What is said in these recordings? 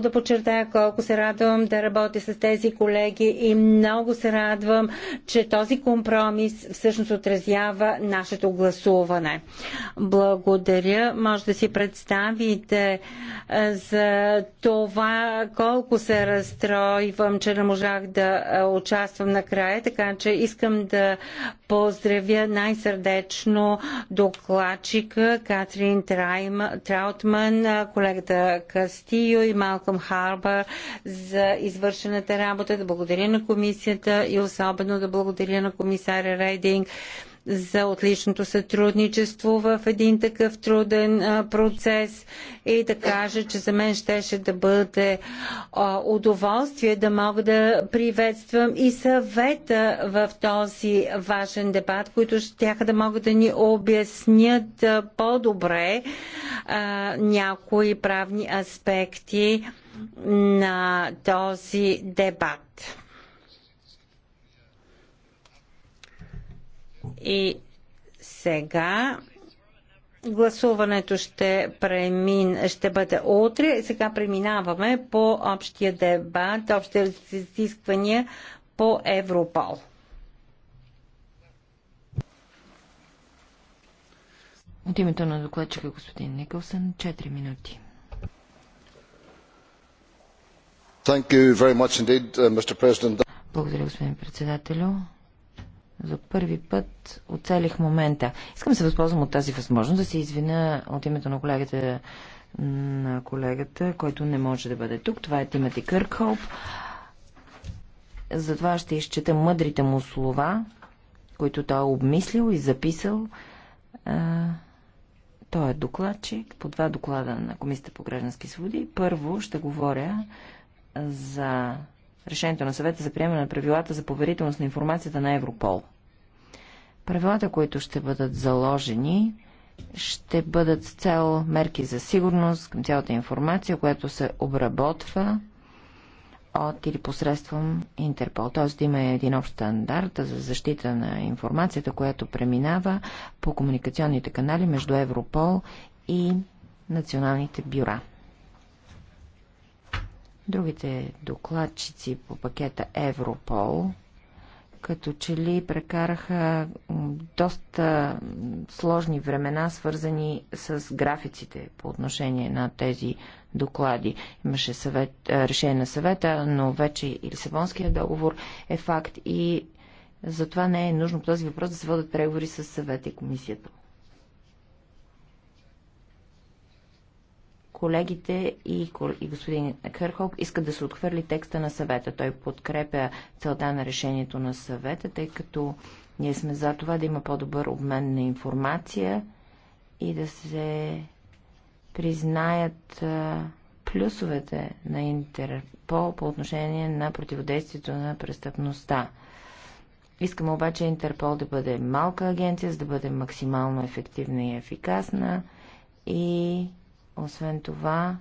да подчертая колко се радвам да работя с тези колеги и много се радвам, че този компромис всъщност отразява нашето гласуване. Благодаря. Може да си представите е, за това колко се разстройвам, че не можах да е, участвам накрая, така че искам да поздравя най-сърдечно докладчика Катрин Траутман, е, колегата Кастио и Мал Малком Харбър за извършената работа, да благодаря на комисията и особено да благодаря на комисаря Рейдинг за отличното сътрудничество в един такъв труден процес и да кажа, че за мен щеше да бъде удоволствие да мога да приветствам и съвета в този важен дебат, които ще да могат да ни обяснят по-добре някои правни аспекти на този дебат. И сега гласуването ще, премин, ще бъде утре. И сега преминаваме по общия дебат, общите изисквания по Европол. От името на докладчика господин Николсън, 4 минути. Thank you very much indeed, uh, Mr. President. Благодаря, господин председателю. За първи път оцелих момента. Искам да се възползвам от тази възможност да се извиня от името на колегата, на колегата, който не може да бъде тук. Това е Тимати Къркхолп. Затова ще изчета мъдрите му слова, които той е обмислил и записал. Той е докладчик по два доклада на Комисията по граждански свободи. Първо ще говоря за решението на съвета за приемане на правилата за поверителност на информацията на Европол. Правилата, които ще бъдат заложени, ще бъдат с цел мерки за сигурност към цялата информация, която се обработва от или посредством Интерпол. Т.е. да има един общ стандарт за защита на информацията, която преминава по комуникационните канали между Европол и националните бюра. Другите докладчици по пакета Европол като че ли прекараха доста сложни времена, свързани с графиците по отношение на тези доклади. Имаше съвет, е, решение на съвета, но вече и Лисабонския договор е факт и затова не е нужно по този въпрос да се водят преговори с съвета и комисията. колегите и, и господин Кърхоп искат да се отхвърли текста на съвета. Той подкрепя целта на решението на съвета, тъй като ние сме за това да има по-добър обмен на информация и да се признаят плюсовете на Интерпол по отношение на противодействието на престъпността. Искаме обаче Интерпол да бъде малка агенция, за да бъде максимално ефективна и ефикасна и освен това,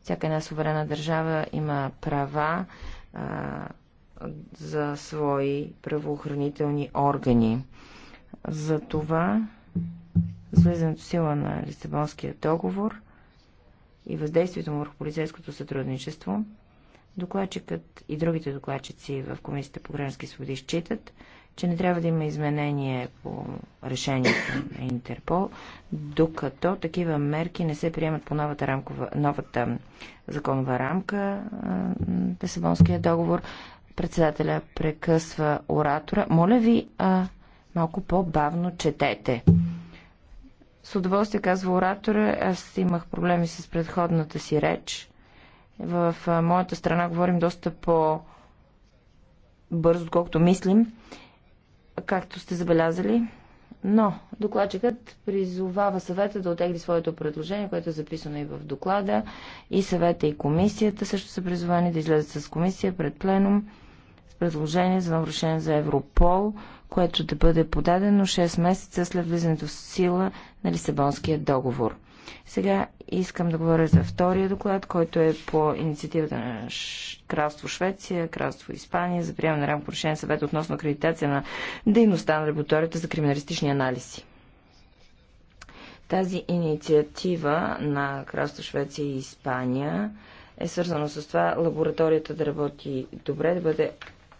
всяка една суверена държава има права а, за свои правоохранителни органи. За това, слизането сила на Лисабонския договор и въздействието му върху полицейското сътрудничество, докладчикът и другите докладчици в Комисията по граждански свободи считат, че не трябва да има изменение по решението на Интерпол, докато такива мерки не се приемат по новата, рамкова, новата законова рамка, Лисабонския договор. Председателя прекъсва оратора. Моля ви, а, малко по-бавно четете. С удоволствие казва оратора, аз имах проблеми с предходната си реч. В моята страна говорим доста по бързо, отколкото мислим както сте забелязали. Но докладчикът призовава съвета да отегли своето предложение, което е записано и в доклада, и съвета и комисията също са призовани да излезат с комисия пред пленум с предложение за нарушение за Европол, което да бъде подадено 6 месеца след влизането в сила на Лисабонския договор. Сега искам да говоря за втория доклад, който е по инициативата на Кралство Швеция, Кралство Испания за приемане на рамко решение съвет относно акредитация на дейността на лабораторията за криминалистични анализи. Тази инициатива на Кралство Швеция и Испания е свързана с това лабораторията да работи добре, да бъде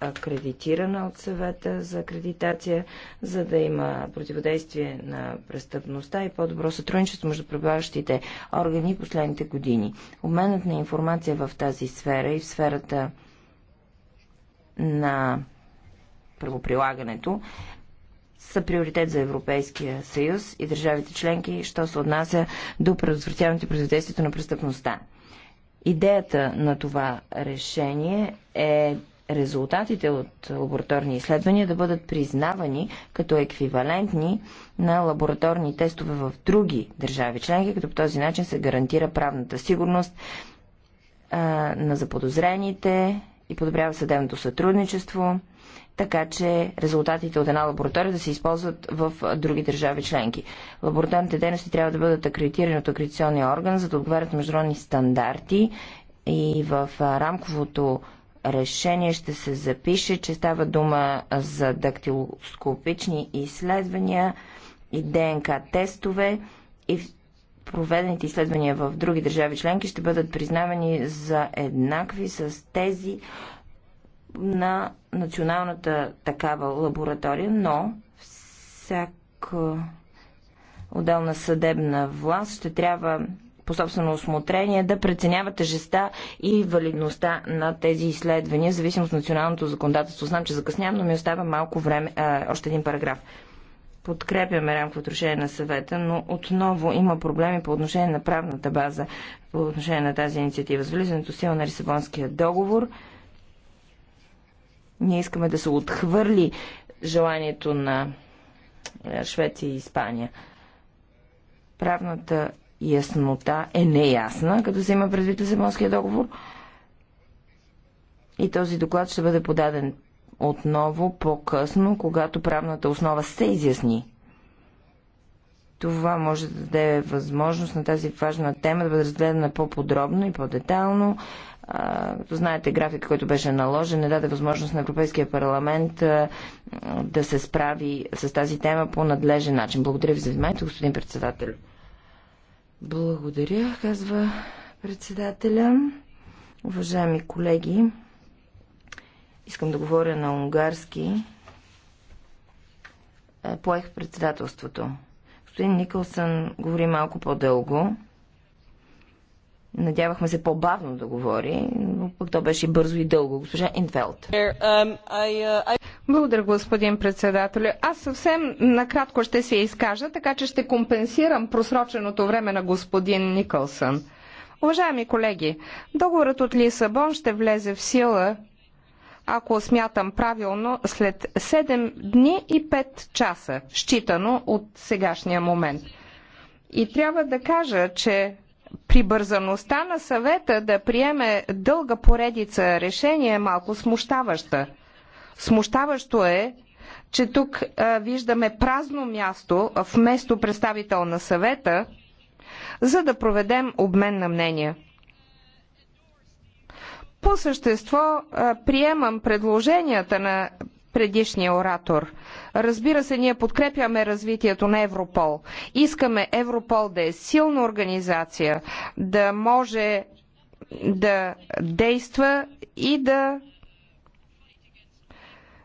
акредитирана от съвета за акредитация, за да има противодействие на престъпността и по-добро сътрудничество между пребиваващите органи последните години. Обменът на информация в тази сфера и в сферата на правоприлагането са приоритет за Европейския съюз и държавите членки, що се отнася до предотвратяването и противодействието на престъпността. Идеята на това решение е резултатите от лабораторни изследвания да бъдат признавани като еквивалентни на лабораторни тестове в други държави членки, като по този начин се гарантира правната сигурност а, на заподозрените и подобрява съдебното сътрудничество, така че резултатите от една лаборатория да се използват в други държави членки. Лабораторните дейности трябва да бъдат акредитирани от акредитационния орган, за да отговарят международни стандарти и в рамковото решение ще се запише, че става дума за дактилоскопични изследвания и ДНК тестове и проведените изследвания в други държави членки ще бъдат признавани за еднакви с тези на националната такава лаборатория, но всяка отделна съдебна власт ще трябва по собствено осмотрение да преценява тежеста и валидността на тези изследвания, в зависимост от националното законодателство. Знам, че закъснявам, но ми остава малко време, а, още един параграф. Подкрепяме рамковото решение на съвета, но отново има проблеми по отношение на правната база, по отношение на тази инициатива. С влизането сила на Лисабонския договор, ние искаме да се отхвърли желанието на е, Швеция и Испания. Правната яснота е неясна, като се има предвид Лисабонския договор. И този доклад ще бъде подаден отново по-късно, когато правната основа се изясни. Това може да даде възможност на тази важна тема да бъде разгледана по-подробно и по-детално. Като знаете, график, който беше наложен, не даде възможност на Европейския парламент а, да се справи с тази тема по надлежен начин. Благодаря ви за вниманието, господин председател. Благодаря, казва председателя. Уважаеми колеги, искам да говоря на унгарски. Е, поех председателството. Господин Никълсън говори малко по-дълго. Надявахме се по-бавно да говори, но пък то беше бързо и дълго. Госпожа Инфелд. Благодаря, господин председател. Аз съвсем накратко ще се изкажа, така че ще компенсирам просроченото време на господин Никълсън. Уважаеми колеги, договорът от Лисабон ще влезе в сила, ако смятам правилно, след 7 дни и 5 часа, считано от сегашния момент. И трябва да кажа, че прибързаността на съвета да приеме дълга поредица решение е малко смущаваща. Смущаващо е, че тук а, виждаме празно място вместо представител на съвета, за да проведем обмен на мнения. По същество а, приемам предложенията на предишния оратор. Разбира се, ние подкрепяме развитието на Европол. Искаме Европол да е силна организация, да може да действа и да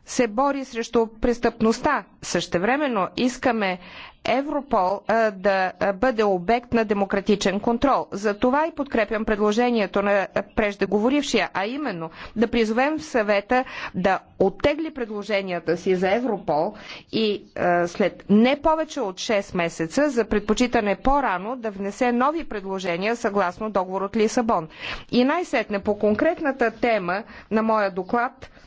се бори срещу престъпността. Същевременно искаме Европол да бъде обект на демократичен контрол. За това и подкрепям предложението на преждеговорившия, а именно да призовем съвета да оттегли предложенията си за Европол и след не повече от 6 месеца за предпочитане по-рано да внесе нови предложения съгласно договор от Лисабон. И най-сетне по конкретната тема на моя доклад –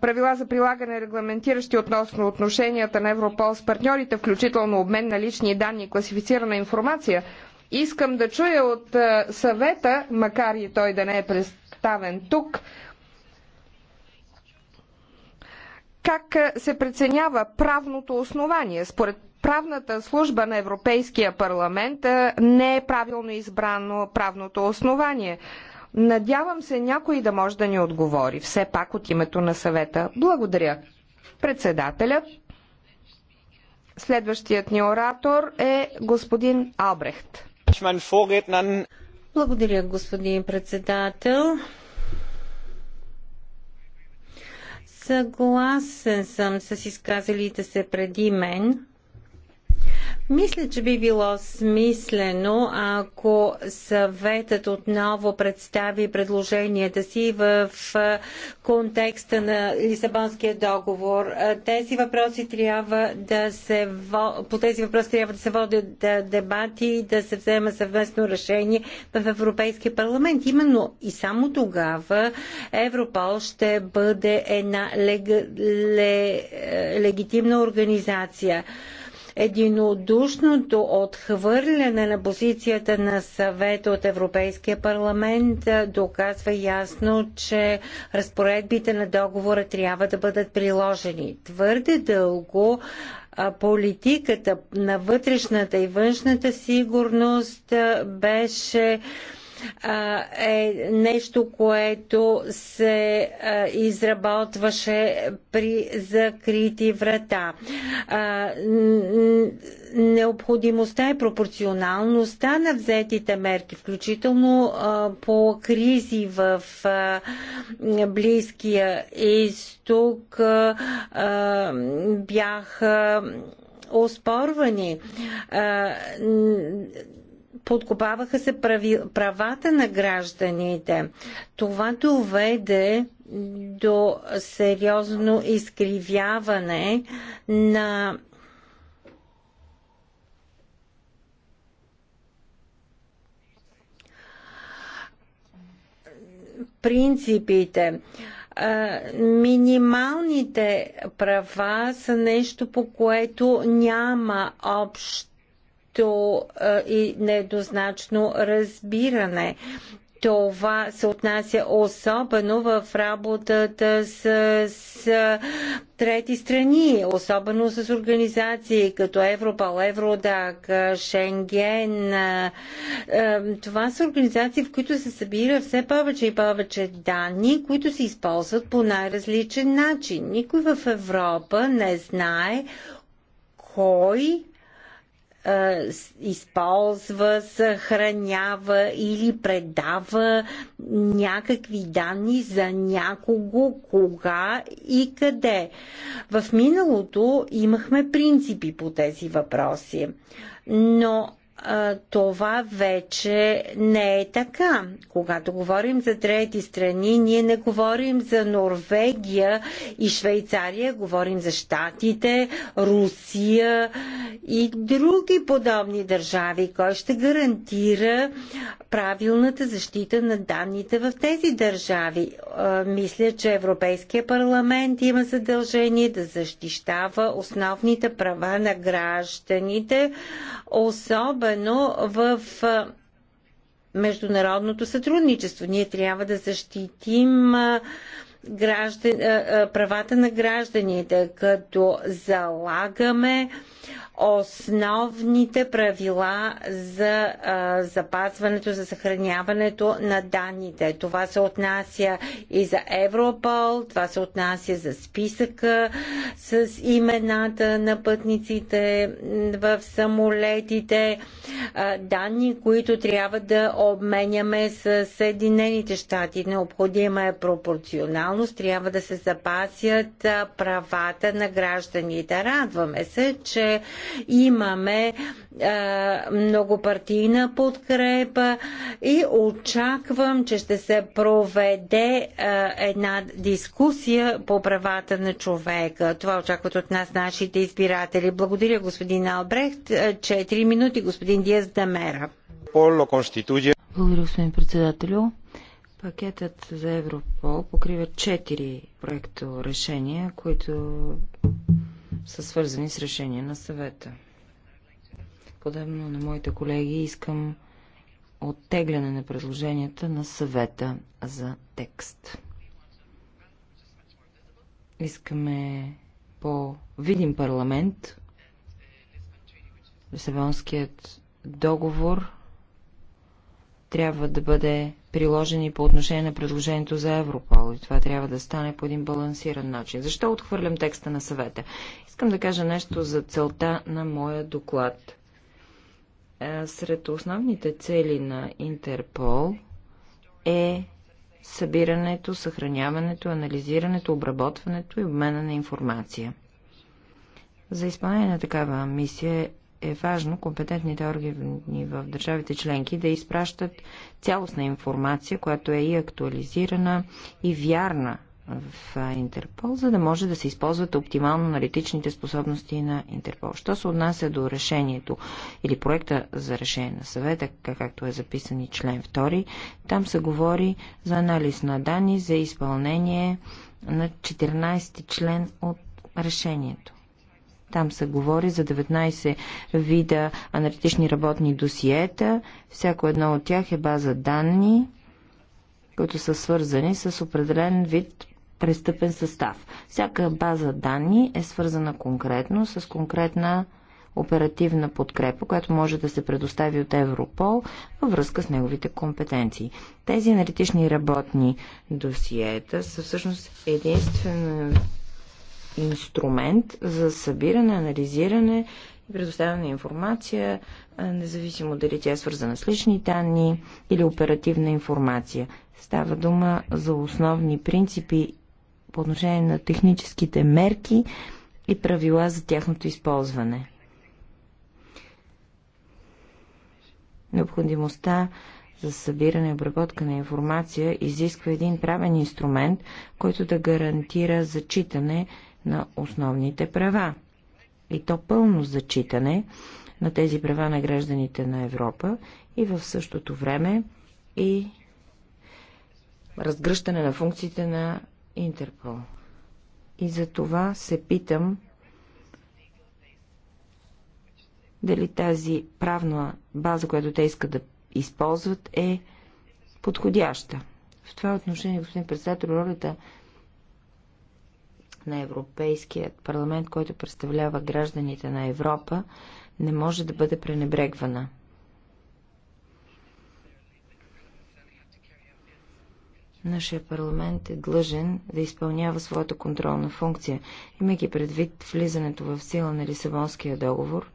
правила за прилагане, регламентиращи относно отношенията на Европол с партньорите, включително обмен на лични данни и класифицирана информация. Искам да чуя от съвета, макар и той да не е представен тук, как се преценява правното основание. Според правната служба на Европейския парламент не е правилно избрано правното основание. Надявам се някой да може да ни отговори, все пак от името на съвета. Благодаря. Председателят. Следващият ни оратор е господин Албрехт. Благодаря, господин председател. Съгласен съм с изказалите се преди мен. Мисля, че би било смислено, ако съветът отново представи предложенията си в контекста на Лисабонския договор. Тези въпроси трябва да се по тези въпроси трябва да се водят дебати и да се взема съвместно решение в Европейския парламент. Именно и само тогава Европол ще бъде една лег... лег... легитимна организация единодушното отхвърляне на позицията на съвета от Европейския парламент доказва ясно, че разпоредбите на договора трябва да бъдат приложени. Твърде дълго политиката на вътрешната и външната сигурност беше е нещо, което се изработваше при закрити врата. Необходимостта и пропорционалността на взетите мерки, включително по кризи в Близкия изток, бяха оспорвани подкопаваха се прави, правата на гражданите. Това доведе до сериозно изкривяване на принципите. Минималните права са нещо, по което няма общ общо и нееднозначно разбиране. Това се отнася особено в работата с, с трети страни, особено с организации като Европа, Евродак, Шенген. Това са организации, в които се събира все повече и повече данни, които се използват по най-различен начин. Никой в Европа не знае кой използва, съхранява или предава някакви данни за някого, кога и къде. В миналото имахме принципи по тези въпроси, но това вече не е така. Когато говорим за трети страни, ние не говорим за Норвегия и Швейцария, говорим за Штатите, Русия и други подобни държави. Кой ще гарантира правилната защита на данните в тези държави? Мисля, че Европейския парламент има задължение да защищава основните права на гражданите, особено особено в международното сътрудничество. Ние трябва да защитим граждан, правата на гражданите, като залагаме основните правила за а, запазването, за съхраняването на данните. Това се отнася и за Европол, това се отнася за списъка с имената на пътниците в самолетите, а, данни, които трябва да обменяме с Съединените щати. Необходима е пропорционалност, трябва да се запасят правата на гражданите. Радваме се, че имаме многопартийна подкрепа и очаквам, че ще се проведе една дискусия по правата на човека. Това очакват от нас нашите избиратели. Благодаря, господин Албрехт. Четири минути, господин Диас Дамера. Благодаря, господин председателю. Пакетът за Европол покрива четири проекто решения, които са свързани с решение на съвета. Подобно на моите колеги, искам оттегляне на предложенията на съвета за текст. Искаме по-видим парламент. Лисабонският договор трябва да бъде приложен и по отношение на предложението за Европол. И това трябва да стане по един балансиран начин. Защо отхвърлям текста на съвета? Искам да кажа нещо за целта на моя доклад. Е, сред основните цели на Интерпол е събирането, съхраняването, анализирането, обработването и обмена на информация. За изпълнение на такава мисия е важно компетентните органи в държавите членки да изпращат цялостна информация, която е и актуализирана и вярна в Интерпол, за да може да се използват оптимално аналитичните способности на Интерпол. Що се отнася до решението или проекта за решение на съвета, както е записан и член 2, там се говори за анализ на данни за изпълнение на 14 член от решението. Там се говори за 19 вида аналитични работни досиета. Всяко едно от тях е база данни, които са свързани с определен вид престъпен състав. Всяка база данни е свързана конкретно с конкретна оперативна подкрепа, която може да се предостави от Европол във връзка с неговите компетенции. Тези аналитични работни досиета са всъщност единствено инструмент за събиране, анализиране и предоставяне на информация, независимо дали тя е свързана с лични данни или оперативна информация. Става дума за основни принципи по отношение на техническите мерки и правила за тяхното използване. Необходимостта за събиране и обработка на информация изисква един правен инструмент, който да гарантира зачитане на основните права. И то пълно зачитане на тези права на гражданите на Европа и в същото време и разгръщане на функциите на Интерпол. И за това се питам дали тази правна база, която те искат да използват, е подходяща. В това отношение, господин председател, ролята на Европейският парламент, който представлява гражданите на Европа, не може да бъде пренебрегвана. Нашия парламент е длъжен да изпълнява своята контролна функция, имайки предвид влизането в сила на Лисабонския договор.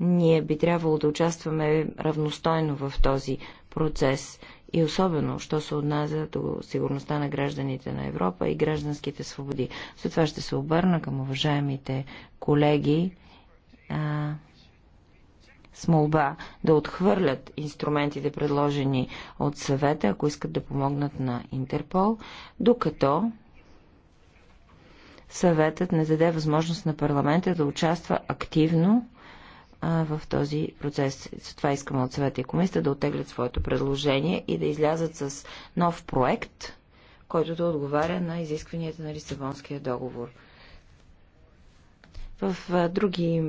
Ние би трябвало да участваме равностойно в този процес и особено, що се отнася до сигурността на гражданите на Европа и гражданските свободи. Затова ще се обърна към уважаемите колеги а, с молба да отхвърлят инструментите, предложени от съвета, ако искат да помогнат на Интерпол, докато съветът не даде възможност на парламента да участва активно в този процес. За това искаме от съвета и комисията да отеглят своето предложение и да излязат с нов проект, който да отговаря на изискванията на Лисабонския договор. В други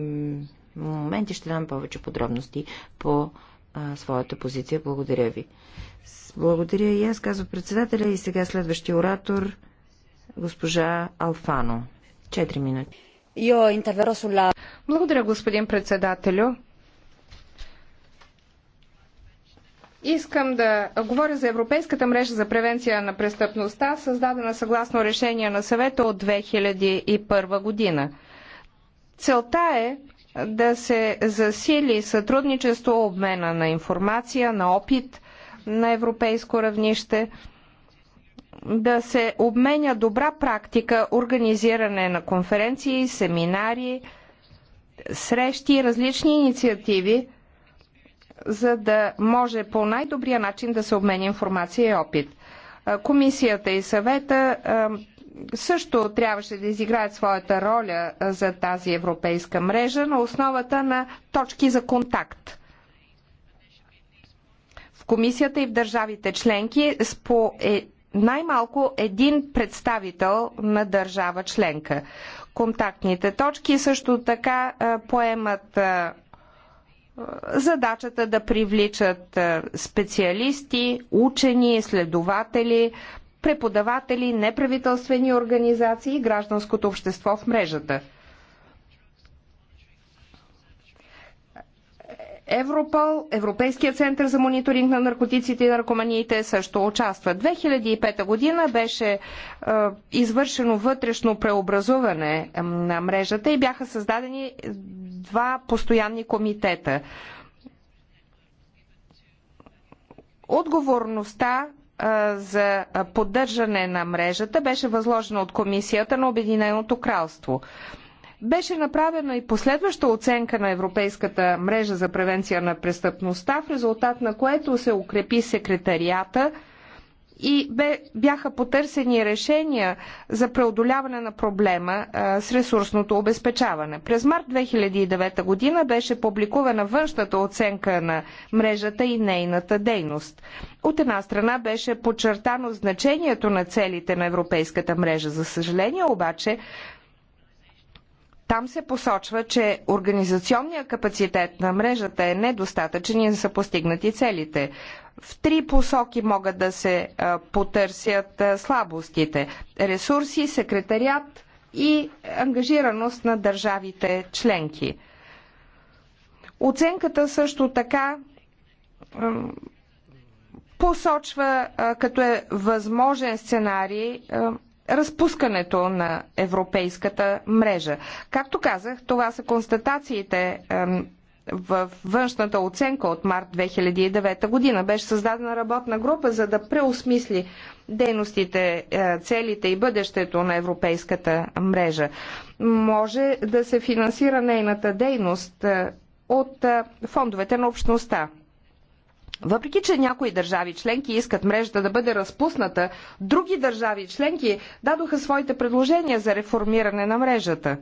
моменти ще дам повече подробности по своята позиция. Благодаря ви. Благодаря и аз, казва председателя. И сега следващия оратор, госпожа Алфано. Четири минути. Благодаря, господин председателю. Искам да говоря за Европейската мрежа за превенция на престъпността, създадена съгласно решение на съвета от 2001 година. Целта е да се засили сътрудничество, обмена на информация, на опит на европейско равнище – да се обменя добра практика, организиране на конференции, семинари, срещи, и различни инициативи, за да може по най-добрия начин да се обменя информация и опит. Комисията и съвета също трябваше да изиграят своята роля за тази европейска мрежа на основата на точки за контакт. В комисията и в държавите членки с по е- най-малко един представител на държава членка. Контактните точки също така поемат задачата да привличат специалисти, учени, изследователи, преподаватели, неправителствени организации и гражданското общество в мрежата. Европол, Европейския център за мониторинг на наркотиците и наркоманиите също участва. 2005 година беше е, извършено вътрешно преобразуване на мрежата и бяха създадени е, два постоянни комитета. Отговорността е, за поддържане на мрежата беше възложена от Комисията на Обединеното кралство. Беше направена и последваща оценка на Европейската мрежа за превенция на престъпността, в резултат на което се укрепи секретарията и бяха потърсени решения за преодоляване на проблема с ресурсното обезпечаване. През март 2009 година беше публикувана външната оценка на мрежата и нейната дейност. От една страна беше подчертано значението на целите на Европейската мрежа. За съжаление обаче, там се посочва, че организационният капацитет на мрежата е недостатъчен и не са постигнати целите. В три посоки могат да се потърсят слабостите ресурси, секретариат и ангажираност на държавите членки. Оценката също така посочва като е възможен сценарий разпускането на европейската мрежа. Както казах, това са констатациите в външната оценка от март 2009 година. Беше създадена работна група, за да преосмисли дейностите, е, целите и бъдещето на европейската мрежа. Може да се финансира нейната дейност е, от е, фондовете на общността. Въпреки, че някои държави членки искат мрежата да бъде разпусната, други държави членки дадоха своите предложения за реформиране на мрежата.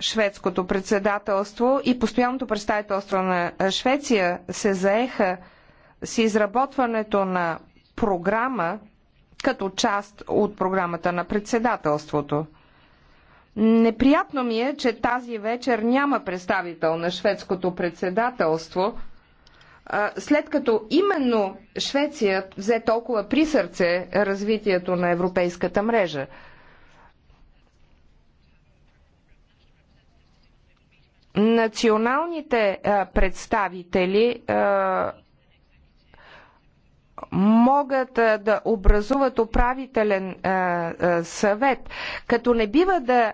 Шведското председателство и постоянното представителство на Швеция се заеха с изработването на програма като част от програмата на председателството. Неприятно ми е, че тази вечер няма представител на шведското председателство – след като именно Швеция взе толкова при сърце развитието на европейската мрежа. Националните представители могат да образуват управителен съвет, като не бива да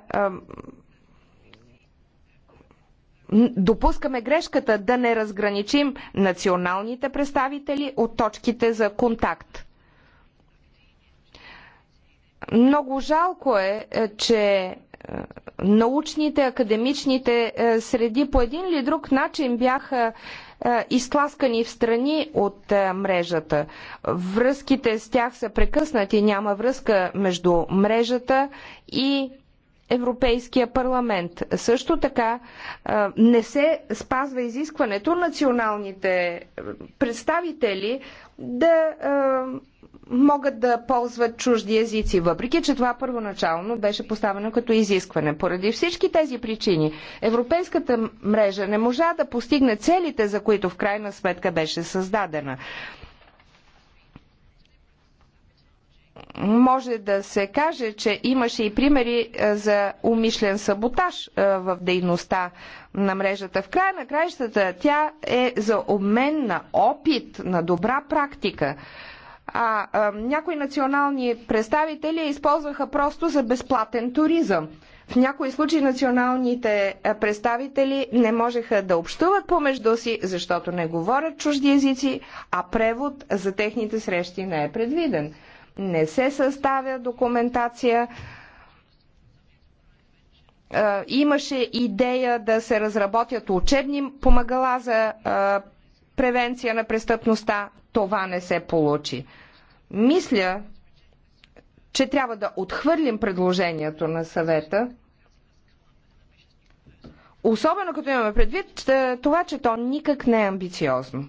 допускаме грешката да не разграничим националните представители от точките за контакт. Много жалко е, е че е, научните, академичните е, среди по един или друг начин бяха изтласкани в страни от мрежата. Връзките с тях са прекъснати, няма връзка между мрежата и Европейския парламент. Също така не се спазва изискването националните представители да могат да ползват чужди езици, въпреки че това първоначално беше поставено като изискване. Поради всички тези причини Европейската мрежа не можа да постигне целите, за които в крайна сметка беше създадена. може да се каже, че имаше и примери е, за умишлен саботаж е, в дейността на мрежата. В края на краищата тя е за обмен на опит, на добра практика. А, а е, някои национални представители използваха просто за безплатен туризъм. В някои случаи националните представители не можеха да общуват помежду си, защото не говорят чужди езици, а превод за техните срещи не е предвиден не се съставя документация. Е, имаше идея да се разработят учебни помагала за е, превенция на престъпността. Това не се получи. Мисля, че трябва да отхвърлим предложението на съвета, особено като имаме предвид е, това, че то никак не е амбициозно.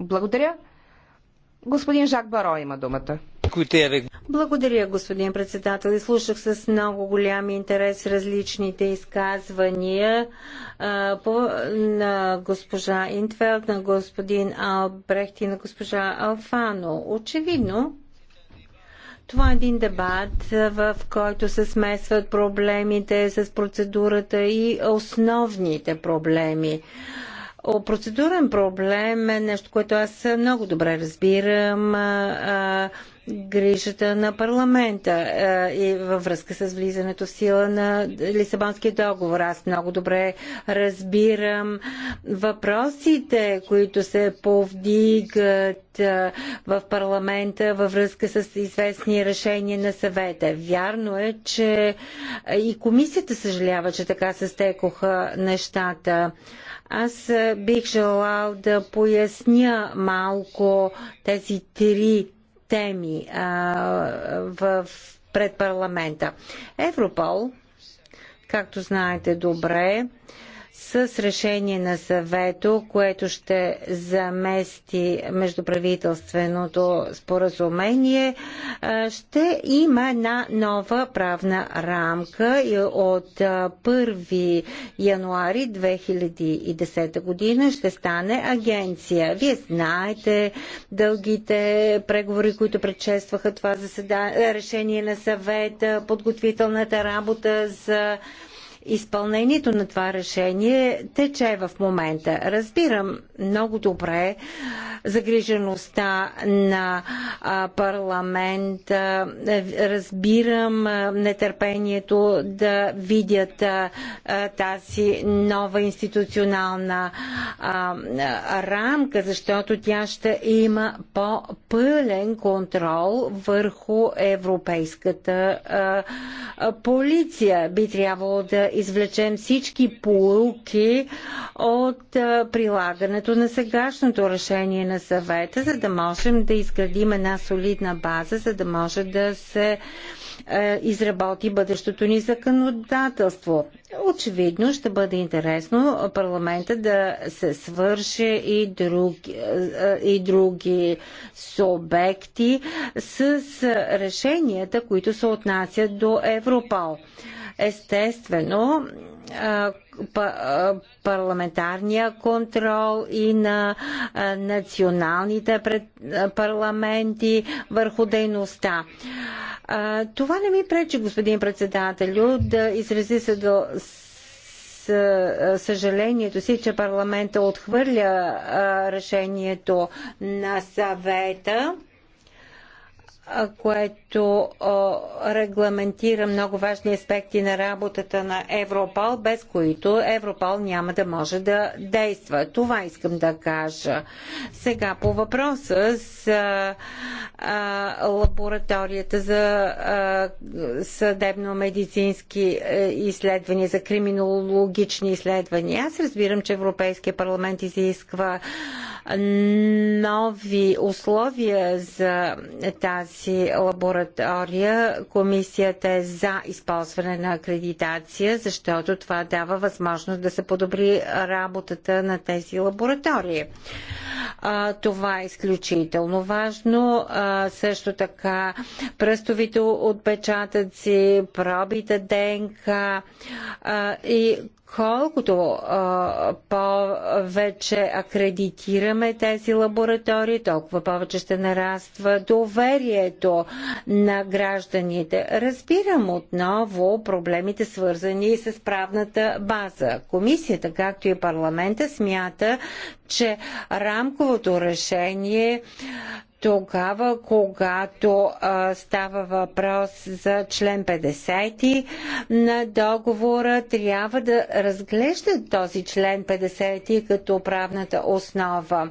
Благодаря. Господин Жак Баро има думата. Благодаря, господин председател. И слушах с много голям интерес различните изказвания а, по, на госпожа Интфелд, на господин Албрехт и на госпожа Алфано. Очевидно, това е един дебат, в който се смесват проблемите с процедурата и основните проблеми. Процедурен проблем е нещо, което аз много добре разбирам грижата на парламента е, и във връзка с влизането в сила на Лисабонския договор. Аз много добре разбирам въпросите, които се повдигат е, в парламента във връзка с известни решения на съвета. Вярно е, че и комисията съжалява, че така се стекоха нещата. Аз е, бих желал да поясня малко тези три теми а, в, пред парламента. Европол, както знаете добре, а, с решение на съвето, което ще замести междуправителственото споразумение, ще има една нова правна рамка и от 1 януари 2010 година ще стане агенция. Вие знаете дългите преговори, които предшестваха това заседание, решение на съвета, подготвителната работа за Изпълнението на това решение тече в момента. Разбирам много добре загрижеността на парламента, разбирам нетърпението да видят тази нова институционална рамка, защото тя ще има по-пълен контрол върху европейската полиция. Би трябвало да извлечем всички полуки от прилагането на сегашното решение на съвета, за да можем да изградим една солидна база, за да може да се изработи бъдещото ни законодателство. Очевидно ще бъде интересно парламента да се свърши и други, и други субекти с решенията, които се отнасят до Европол естествено парламентарния контрол и на националните парламенти върху дейността. Това не ми пречи, господин председателю, да изрази се до съжалението си, че парламента отхвърля решението на съвета което регламентира много важни аспекти на работата на Европол, без които Европол няма да може да действа. Това искам да кажа. Сега по въпроса с лабораторията за съдебно-медицински е, изследвания, за криминологични изследвания. Аз разбирам, че Европейския парламент изисква нови условия за тази лаборатория, комисията е за използване на акредитация, защото това дава възможност да се подобри работата на тези лаборатории. Това е изключително важно. Също така пръстовите отпечатъци, пробите ДНК и колкото а, повече акредитираме тези лаборатории, толкова повече ще нараства доверието на гражданите. Разбирам отново проблемите свързани с правната база. Комисията, както и парламента, смята, че рамковото решение тогава, когато а, става въпрос за член 50 на договора, трябва да разглеждат този член 50 като правната основа.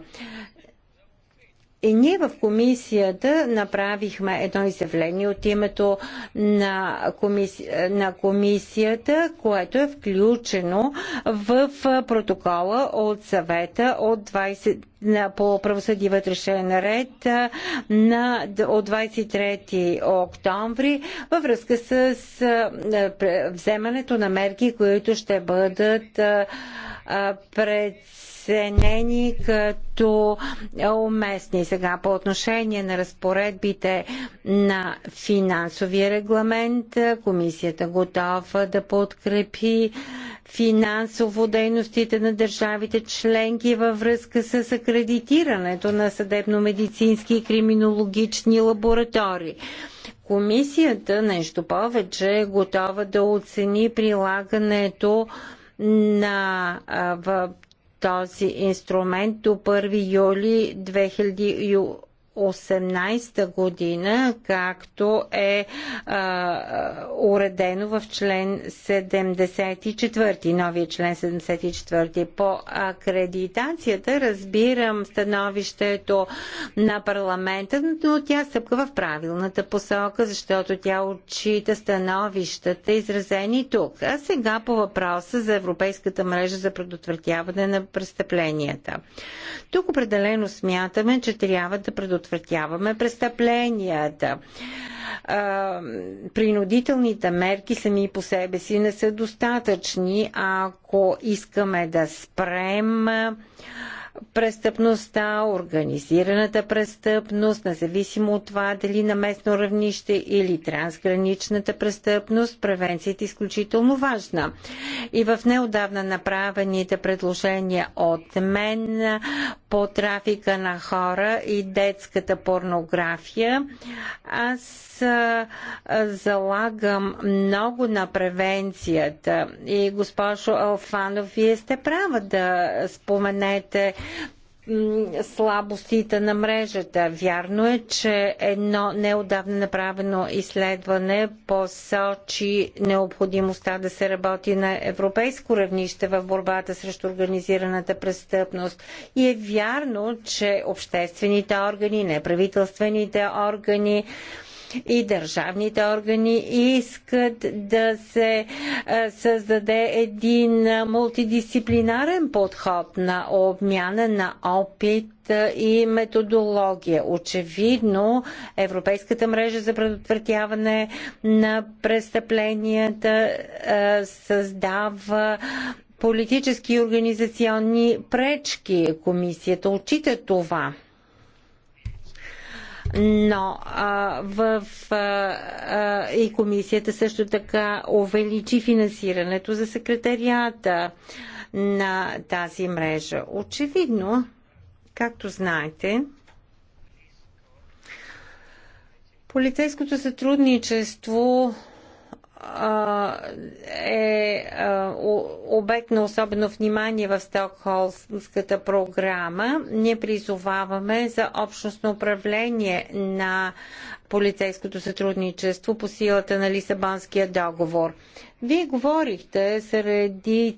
И ние в комисията направихме едно изявление от името на, комиси... на комисията, което е включено в протокола от съвета от 20 по правосъдие вътрешен ред на, от 23 октомври във връзка с вземането на мерки, които ще бъдат пред оценени като уместни. Сега по отношение на разпоредбите на финансовия регламент, комисията готова да подкрепи финансово дейностите на държавите членки във връзка с акредитирането на съдебно-медицински и криминологични лаборатории. Комисията, нещо повече, е готова да оцени прилагането на в този инструмент до 1 юли 2000, 2018 година, както е а, уредено в член 74, новия член 74. По акредитацията разбирам становището на парламента, но тя стъпка в правилната посока, защото тя отчита становищата, изразени тук. А сега по въпроса за Европейската мрежа за предотвратяване на престъпленията. Тук определено смятаме, че трябва да предотвратяваме предотвратяваме престъпленията. Принудителните мерки сами по себе си не са достатъчни, ако искаме да спрем престъпността, организираната престъпност, независимо от това дали на местно равнище или трансграничната престъпност, превенцията е изключително важна. И в неодавна направените предложения от мен по трафика на хора и детската порнография, аз залагам много на превенцията. И госпожо Алфанов, вие сте права да споменете слабостите на мрежата. Вярно е, че едно неодавна направено изследване посочи необходимостта да се работи на европейско равнище в борбата срещу организираната престъпност. И е вярно, че обществените органи, неправителствените органи, и държавните органи искат да се създаде един мултидисциплинарен подход на обмяна на опит и методология. Очевидно, Европейската мрежа за предотвратяване на престъпленията създава политически и организационни пречки. Комисията отчита това но а, в а, и комисията също така увеличи финансирането за секретарията на тази мрежа. Очевидно, както знаете, полицейското сътрудничество е, е обект на особено внимание в Стокхолмската програма. Ние призоваваме за общностно управление на полицейското сътрудничество по силата на Лисабонския договор. Вие говорихте среди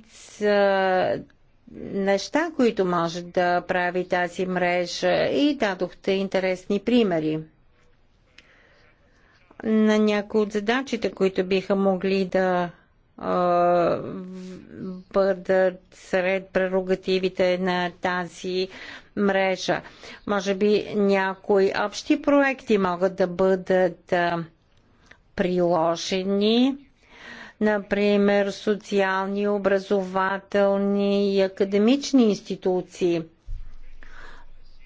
неща, които може да прави тази мрежа и дадохте интересни примери на някои от задачите, които биха могли да бъдат сред прерогативите на тази мрежа. Може би някои общи проекти могат да бъдат приложени, например социални, образователни и академични институции.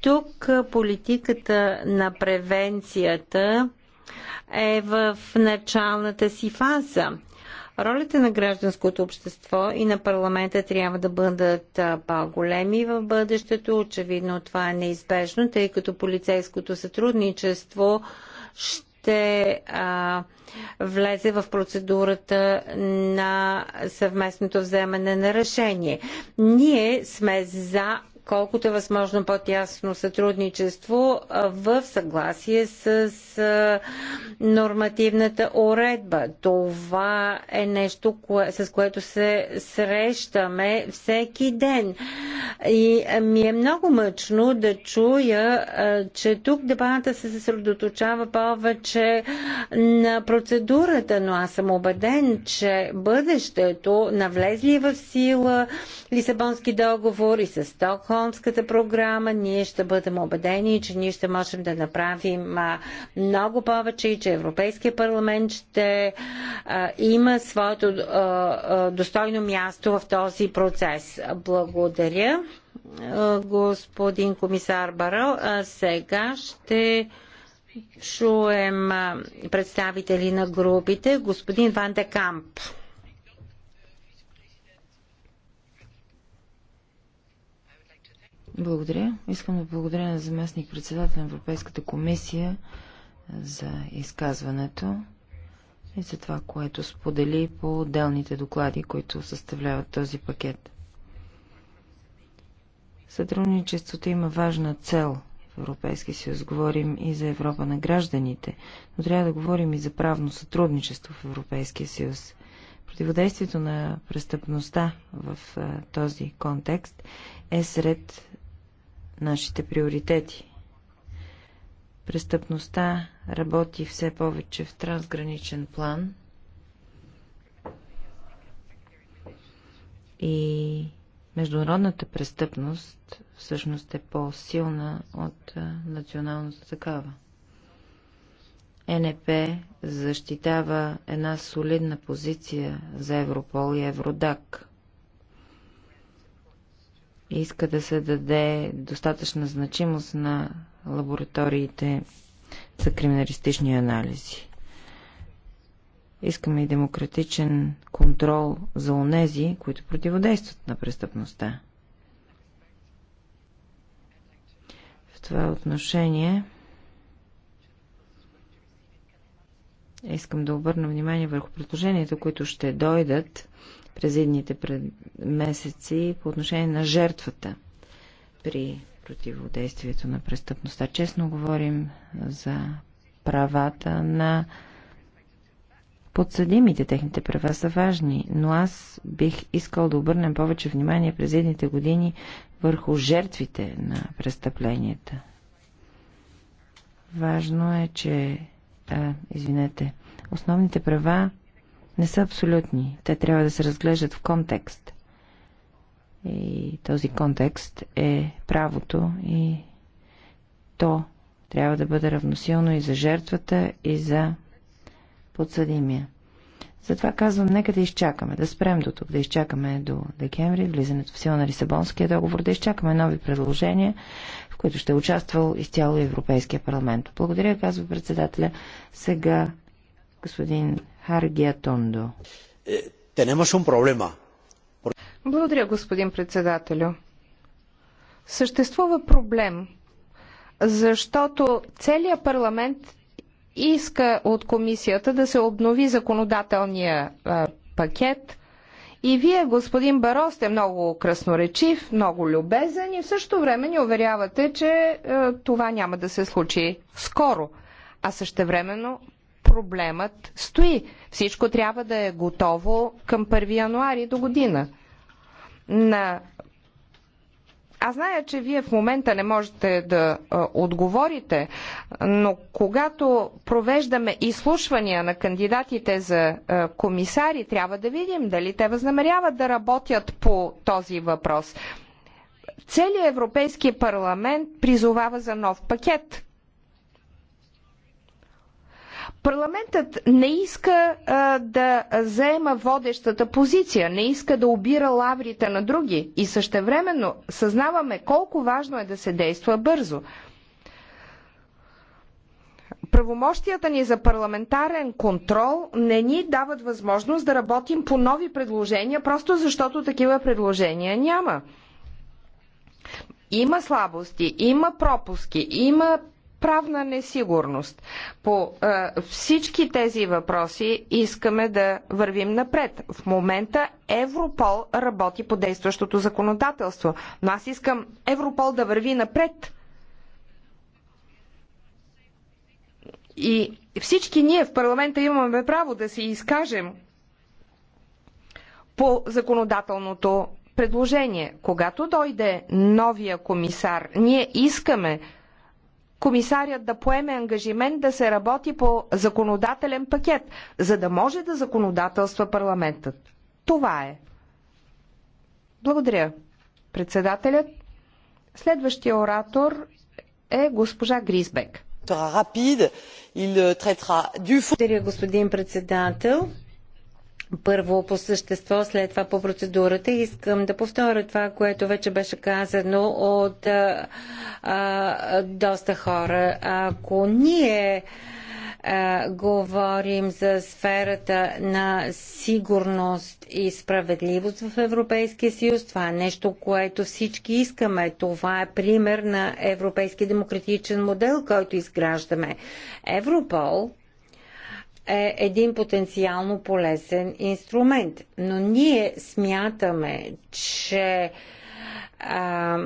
Тук политиката на превенцията е в началната си фаза. Ролите на гражданското общество и на парламента трябва да бъдат по-големи в бъдещето. Очевидно това е неизбежно, тъй като полицейското сътрудничество ще а, влезе в процедурата на съвместното вземане на решение. Ние сме за колкото е възможно по-тясно сътрудничество в съгласие с нормативната уредба. Това е нещо, кое, с което се срещаме всеки ден. И ми е много мъчно да чуя, че тук дебата се съсредоточава повече на процедурата, но аз съм убеден, че бъдещето на влезли в сила Лисабонски договор и с Стокхолм Стокхолмската програма, ние ще бъдем убедени, че ние ще можем да направим много повече и че Европейския парламент ще има своето достойно място в този процес. Благодаря, господин комисар Баро. А сега ще чуем представители на групите. Господин Ван де Камп. Благодаря. Искам да благодаря на заместник председател на Европейската комисия за изказването и за това, което сподели по отделните доклади, които съставляват този пакет. Сътрудничеството има важна цел в Европейския съюз. Говорим и за Европа на гражданите, но трябва да говорим и за правно сътрудничество в Европейския съюз. Противодействието на престъпността в този контекст е сред нашите приоритети. Престъпността работи все повече в трансграничен план и международната престъпност всъщност е по-силна от националната такава. НП защитава една солидна позиция за Европол и Евродак иска да се даде достатъчна значимост на лабораториите за криминалистични анализи. Искаме и демократичен контрол за онези, които противодействат на престъпността. В това отношение искам да обърна внимание върху предложенията, които ще дойдат през едните месеци по отношение на жертвата при противодействието на престъпността. Честно говорим за правата на подсъдимите. Техните права са важни, но аз бих искал да обърнем повече внимание през едните години върху жертвите на престъпленията. Важно е, че... А, извинете. Основните права не са абсолютни. Те трябва да се разглеждат в контекст. И този контекст е правото и то трябва да бъде равносилно и за жертвата, и за подсъдимия. Затова казвам, нека да изчакаме, да спрем до тук, да изчакаме до декември, влизането в сила на Лисабонския договор, да изчакаме нови предложения, в които ще е участвал изцяло Европейския парламент. Благодаря, казва председателя. Сега господин Харгия е, Благодаря, господин председателю. Съществува проблем, защото целият парламент иска от комисията да се обнови законодателния а, пакет. И вие, господин Баро, сте много красноречив, много любезен и в същото време ни уверявате, че а, това няма да се случи скоро. А същевременно проблемът стои. Всичко трябва да е готово към 1 януари до година. На... Аз зная, че вие в момента не можете да а, отговорите, но когато провеждаме изслушвания на кандидатите за а, комисари, трябва да видим дали те възнамеряват да работят по този въпрос. Целият Европейски парламент призовава за нов пакет Парламентът не иска а, да заема водещата позиция, не иска да обира лаврите на други и същевременно съзнаваме колко важно е да се действа бързо. Правомощията ни за парламентарен контрол не ни дават възможност да работим по нови предложения, просто защото такива предложения няма. Има слабости, има пропуски, има правна несигурност. По а, е, всички тези въпроси искаме да вървим напред. В момента Европол работи по действащото законодателство, но аз искам Европол да върви напред. И всички ние в парламента имаме право да се изкажем по законодателното предложение. Когато дойде новия комисар, ние искаме комисарят да поеме ангажимент да се работи по законодателен пакет, за да може да законодателства парламентът. Това е. Благодаря, председателят. Следващия оратор е госпожа Гризбек. Благодаря, господин председател първо по същество, след това по процедурата. Искам да повторя това, което вече беше казано от а, а, доста хора. Ако ние а, говорим за сферата на сигурност и справедливост в Европейския съюз. Това е нещо, което всички искаме. Това е пример на европейски демократичен модел, който изграждаме. Европол е един потенциално полезен инструмент. Но ние смятаме, че а,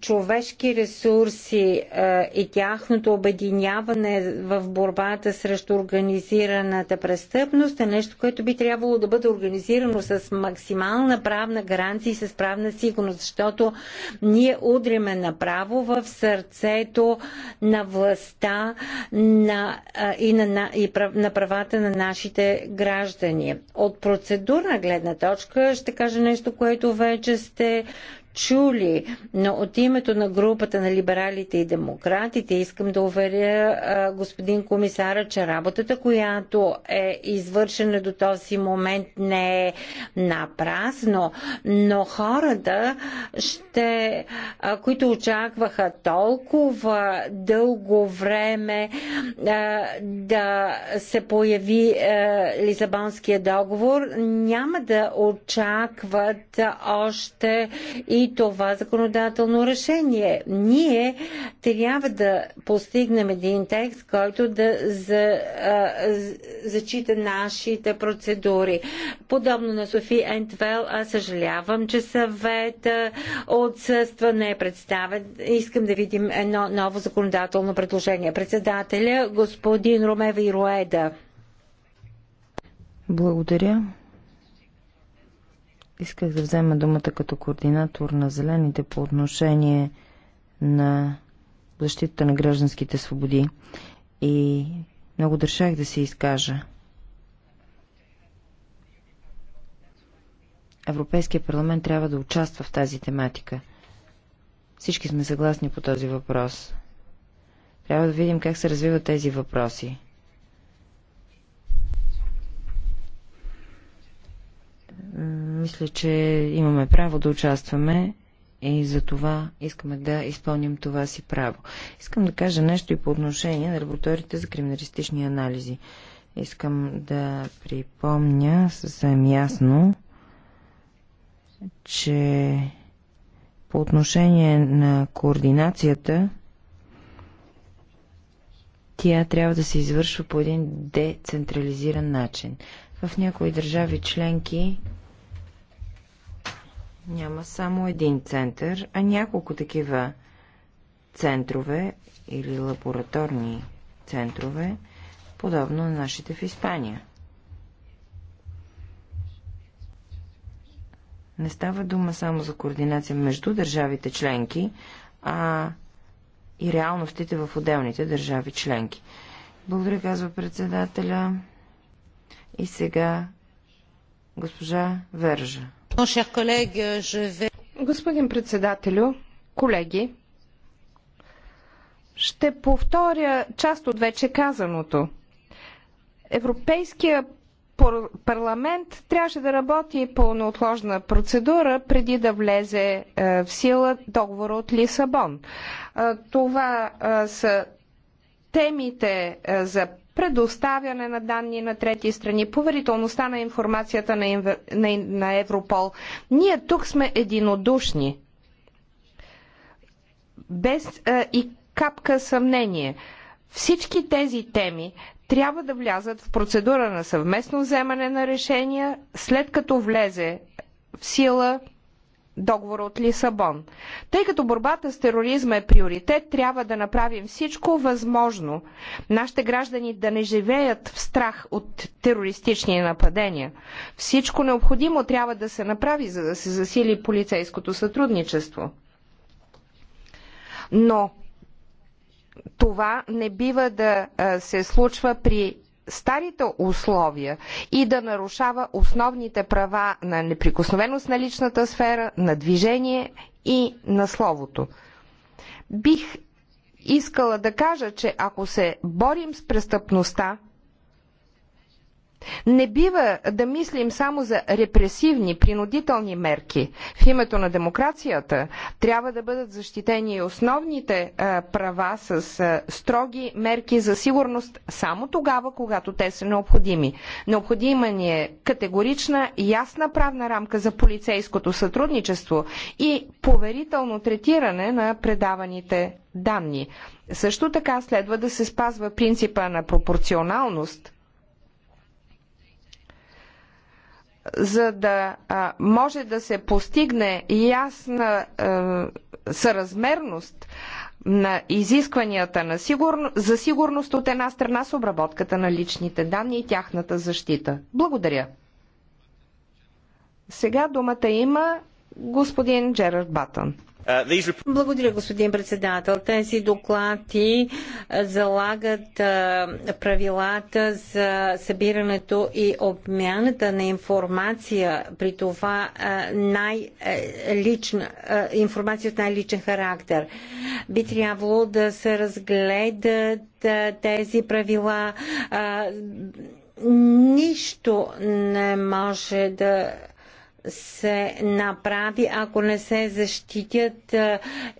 човешки ресурси е, и тяхното обединяване в борбата срещу организираната престъпност е нещо, което би трябвало да бъде организирано с максимална правна гаранция и с правна сигурност, защото ние удряме направо в сърцето на властта на, е, и, на, и прав, на правата на нашите граждани. От процедурна гледна точка ще кажа нещо, което вече сте чули, но от името на групата на либералите и демократите искам да уверя господин комисара, че работата, която е извършена до този момент не е напразно, но хората, ще, които очакваха толкова дълго време да се появи Лисабонския договор, няма да очакват още и това законодателно решение. Ние трябва да постигнем един текст, който да за, а, зачита нашите процедури. Подобно на Софи Ентвел, аз съжалявам, че съвета отсъства, не е представен. Искам да видим едно ново законодателно предложение. Председателя, господин Ромева и Благодаря. Исках да взема думата като координатор на зелените по отношение на защитата на гражданските свободи и много държах да се изкажа. Европейския парламент трябва да участва в тази тематика. Всички сме съгласни по този въпрос. Трябва да видим как се развиват тези въпроси. Мисля, че имаме право да участваме и за това искаме да изпълним това си право. Искам да кажа нещо и по отношение на лабораторите за криминалистични анализи. Искам да припомня съвсем ясно, че по отношение на координацията, тя трябва да се извършва по един децентрализиран начин. В някои държави членки няма само един център, а няколко такива центрове или лабораторни центрове, подобно на нашите в Испания. Не става дума само за координация между държавите членки, а и реалностите в отделните държави членки. Благодаря, казва председателя. И сега госпожа Вержа. Господин председателю, колеги, ще повторя част от вече казаното. Европейския парламент трябваше да работи по неотложна процедура преди да влезе е, в сила договора от Лисабон. Е, това е, са темите за предоставяне на данни на трети страни, поверителността на информацията на, на, на Европол. Ние тук сме единодушни. Без а, е, и капка съмнение. Всички тези теми трябва да влязат в процедура на съвместно вземане на решения, след като влезе в сила договора от Лисабон. Тъй като борбата с тероризма е приоритет, трябва да направим всичко възможно нашите граждани да не живеят в страх от терористични нападения. Всичко необходимо трябва да се направи, за да се засили полицейското сътрудничество. Но това не бива да се случва при старите условия и да нарушава основните права на неприкосновеност на личната сфера, на движение и на словото. Бих искала да кажа, че ако се борим с престъпността, не бива да мислим само за репресивни, принудителни мерки. В името на демокрацията трябва да бъдат защитени и основните е, права с е, строги мерки за сигурност само тогава, когато те са необходими. Необходима ни е категорична, ясна правна рамка за полицейското сътрудничество и поверително третиране на предаваните данни. Също така следва да се спазва принципа на пропорционалност – за да може да се постигне ясна е, съразмерност на изискванията на сигурно, за сигурност от една страна с обработката на личните данни и тяхната защита. Благодаря. Сега думата има господин Джерард Батън. Uh, Благодаря, господин председател. Тези доклади залагат правилата за събирането и обмяната на информация, при това най-лична, е, информация от най-личен характер. Би трябвало да се разгледат тези правила. Нищо не може да се направи, ако не се защитят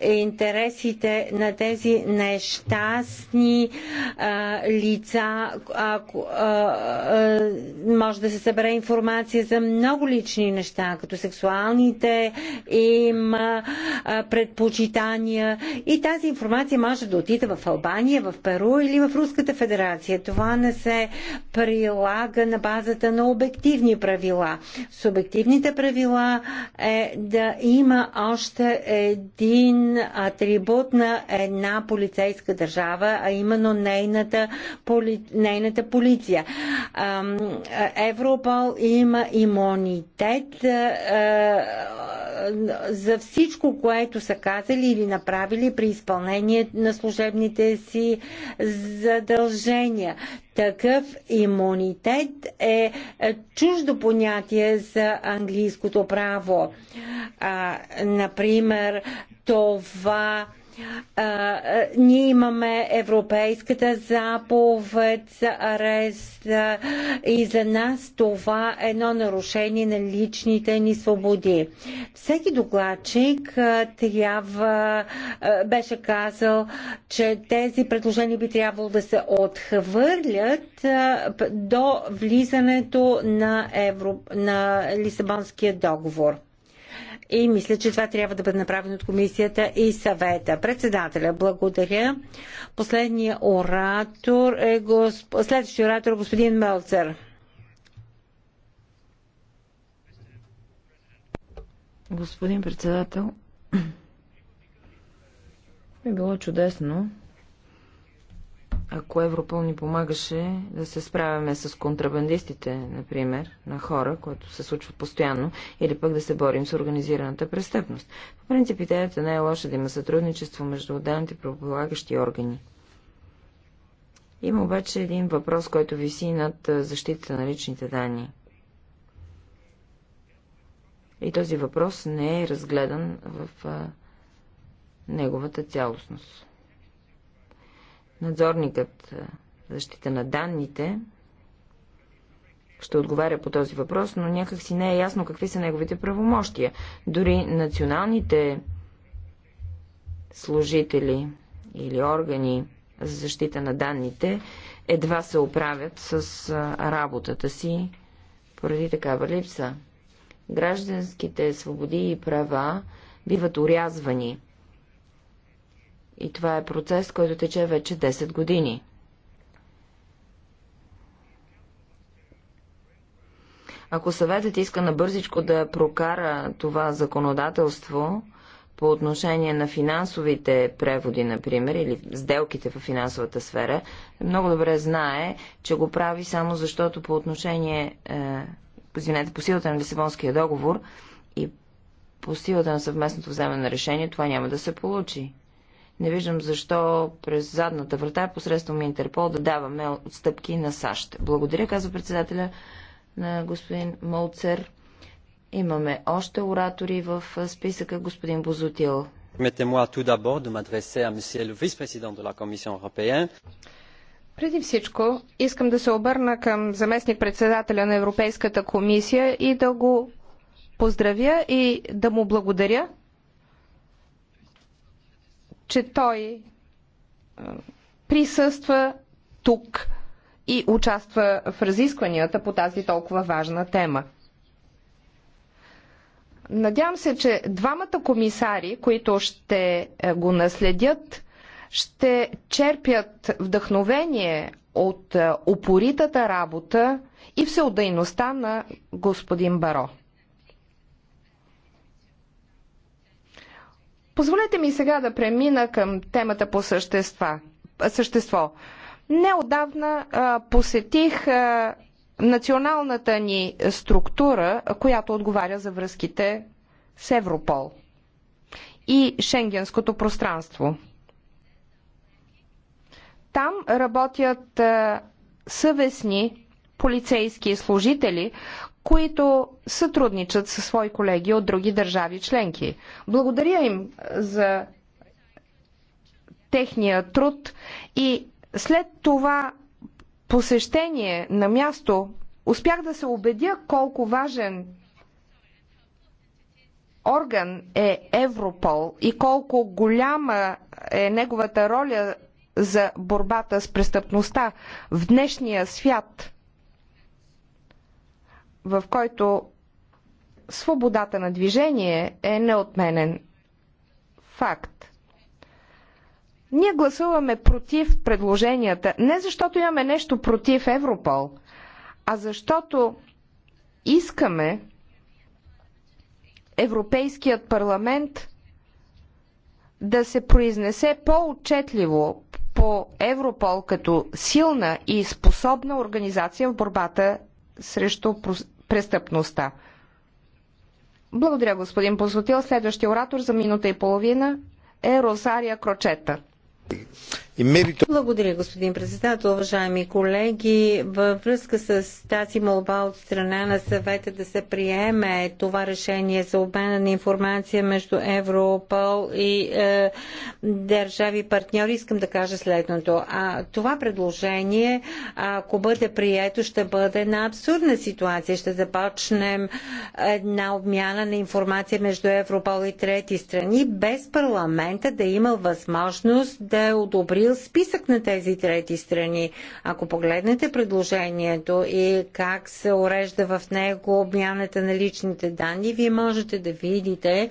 интересите на тези нещастни а, лица. Ако, а, а, може да се събере информация за много лични неща, като сексуалните им предпочитания. И тази информация може да отиде в Албания, в Перу или в Руската федерация. Това не се прилага на базата на обективни правила. Субективните правните правила е да има още един атрибут на една полицейска държава, а именно нейната, поли, нейната полиция. Европол има имунитет за всичко, което са казали или направили при изпълнение на служебните си задължения. Такъв имунитет е, е чуждо понятие за английското право. А, например, това а, ние имаме европейската заповед за арест а, и за нас това е едно нарушение на личните ни свободи. Всеки докладчик а, трябва, а, беше казал, че тези предложения би трябвало да се отхвърлят а, до влизането на, Европ... на Лисабонския договор и мисля, че това трябва да бъде направено от комисията и съвета. Председателя, благодаря. Последният оратор е госп... следващия оратор е господин Мелцер. Господин председател, би било чудесно ако Европол ни помагаше да се справяме с контрабандистите, например, на хора, което се случва постоянно, или пък да се борим с организираната престъпност. По принцип идеята не е лоша да има сътрудничество между отделните правополагащи органи. Има обаче един въпрос, който виси над защитата на личните данни. И този въпрос не е разгледан в неговата цялостност. Надзорникът е, защита на данните ще отговаря по този въпрос, но някак си не е ясно какви са неговите правомощия. Дори националните служители или органи за защита на данните едва се оправят с е, работата си поради такава липса. Гражданските свободи и права биват урязвани и това е процес, който тече вече 10 години. Ако съветът иска набързичко да прокара това законодателство по отношение на финансовите преводи, например, или сделките в финансовата сфера, много добре знае, че го прави само защото по отношение, е, извинете, по силата на Лисабонския договор и по силата на съвместното вземане на решение, това няма да се получи. Не виждам защо през задната врата е посредством Интерпол да даваме отстъпки на САЩ. Благодаря, казва председателя на господин Молцер. Имаме още оратори в списъка. Господин Бозутил. Преди всичко искам да се обърна към заместник-председателя на Европейската комисия и да го поздравя и да му благодаря че той е, присъства тук и участва в разискванията по тази толкова важна тема. Надявам се, че двамата комисари, които ще е, го наследят, ще черпят вдъхновение от е, упоритата работа и всеотдайността на господин Баро. Позволете ми сега да премина към темата по същества, същество. Неодавна а, посетих а, националната ни структура, която отговаря за връзките с Европол и Шенгенското пространство. Там работят а, съвестни полицейски служители, които сътрудничат със свои колеги от други държави членки. Благодаря им за техния труд и след това посещение на място успях да се убедя колко важен орган е Европол и колко голяма е неговата роля за борбата с престъпността в днешния свят – в който свободата на движение е неотменен факт. Ние гласуваме против предложенията не защото имаме нещо против Европол, а защото искаме Европейският парламент да се произнесе по-отчетливо по Европол като силна и способна организация в борбата срещу престъпността. Благодаря, господин Позотил. Следващия оратор за минута и половина е Розария Крочета. Благодаря, господин председател. Уважаеми колеги, във връзка с тази молба от страна на съвета да се приеме това решение за обмена на информация между Европол и е, държави партньори, искам да кажа следното. А, това предложение, ако бъде прието, ще бъде една абсурдна ситуация. Ще започнем една обмяна на информация между Европол и трети страни, без парламента да има възможност да одобри бил списък на тези трети страни. Ако погледнете предложението и как се урежда в него обмяната на личните данни, вие можете да видите,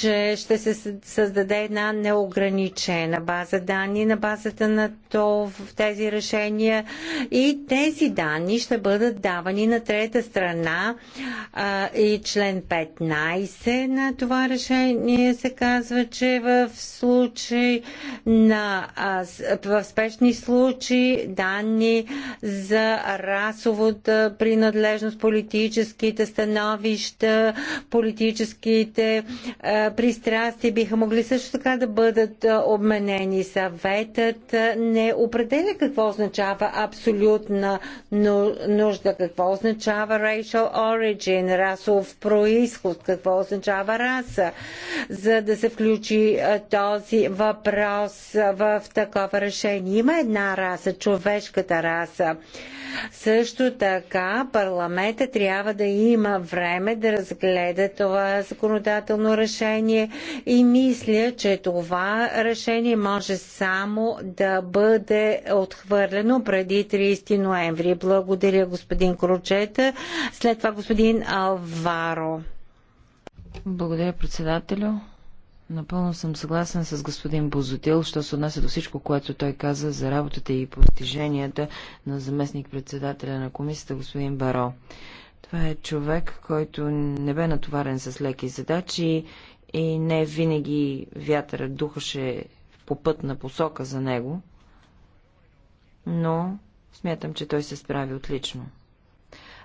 че ще се създаде една неограничена база данни на базата на то в тези решения и тези данни ще бъдат давани на трета страна а, и член 15 на това решение се казва, че в случай на а, в спешни случаи данни за расовата принадлежност, политическите становища, политическите а, пристрастия биха могли също така да бъдат обменени. Съветът не определя какво означава абсолютна нужда, какво означава racial origin, расов происход, какво означава раса, за да се включи този въпрос в такова решение. Има една раса, човешката раса. Също така парламента трябва да има време да разгледа това законодателно решение решение и мисля, че това решение може само да бъде отхвърлено преди 30 ноември. Благодаря господин Кручета. След това господин Алваро. Благодаря председателю. Напълно съм съгласен с господин Бозотил, що се отнася до всичко, което той каза за работата и постиженията на заместник-председателя на комисията, господин Баро. Това е човек, който не бе натоварен с леки задачи и не винаги вятъра духаше е по на посока за него, но смятам, че той се справи отлично.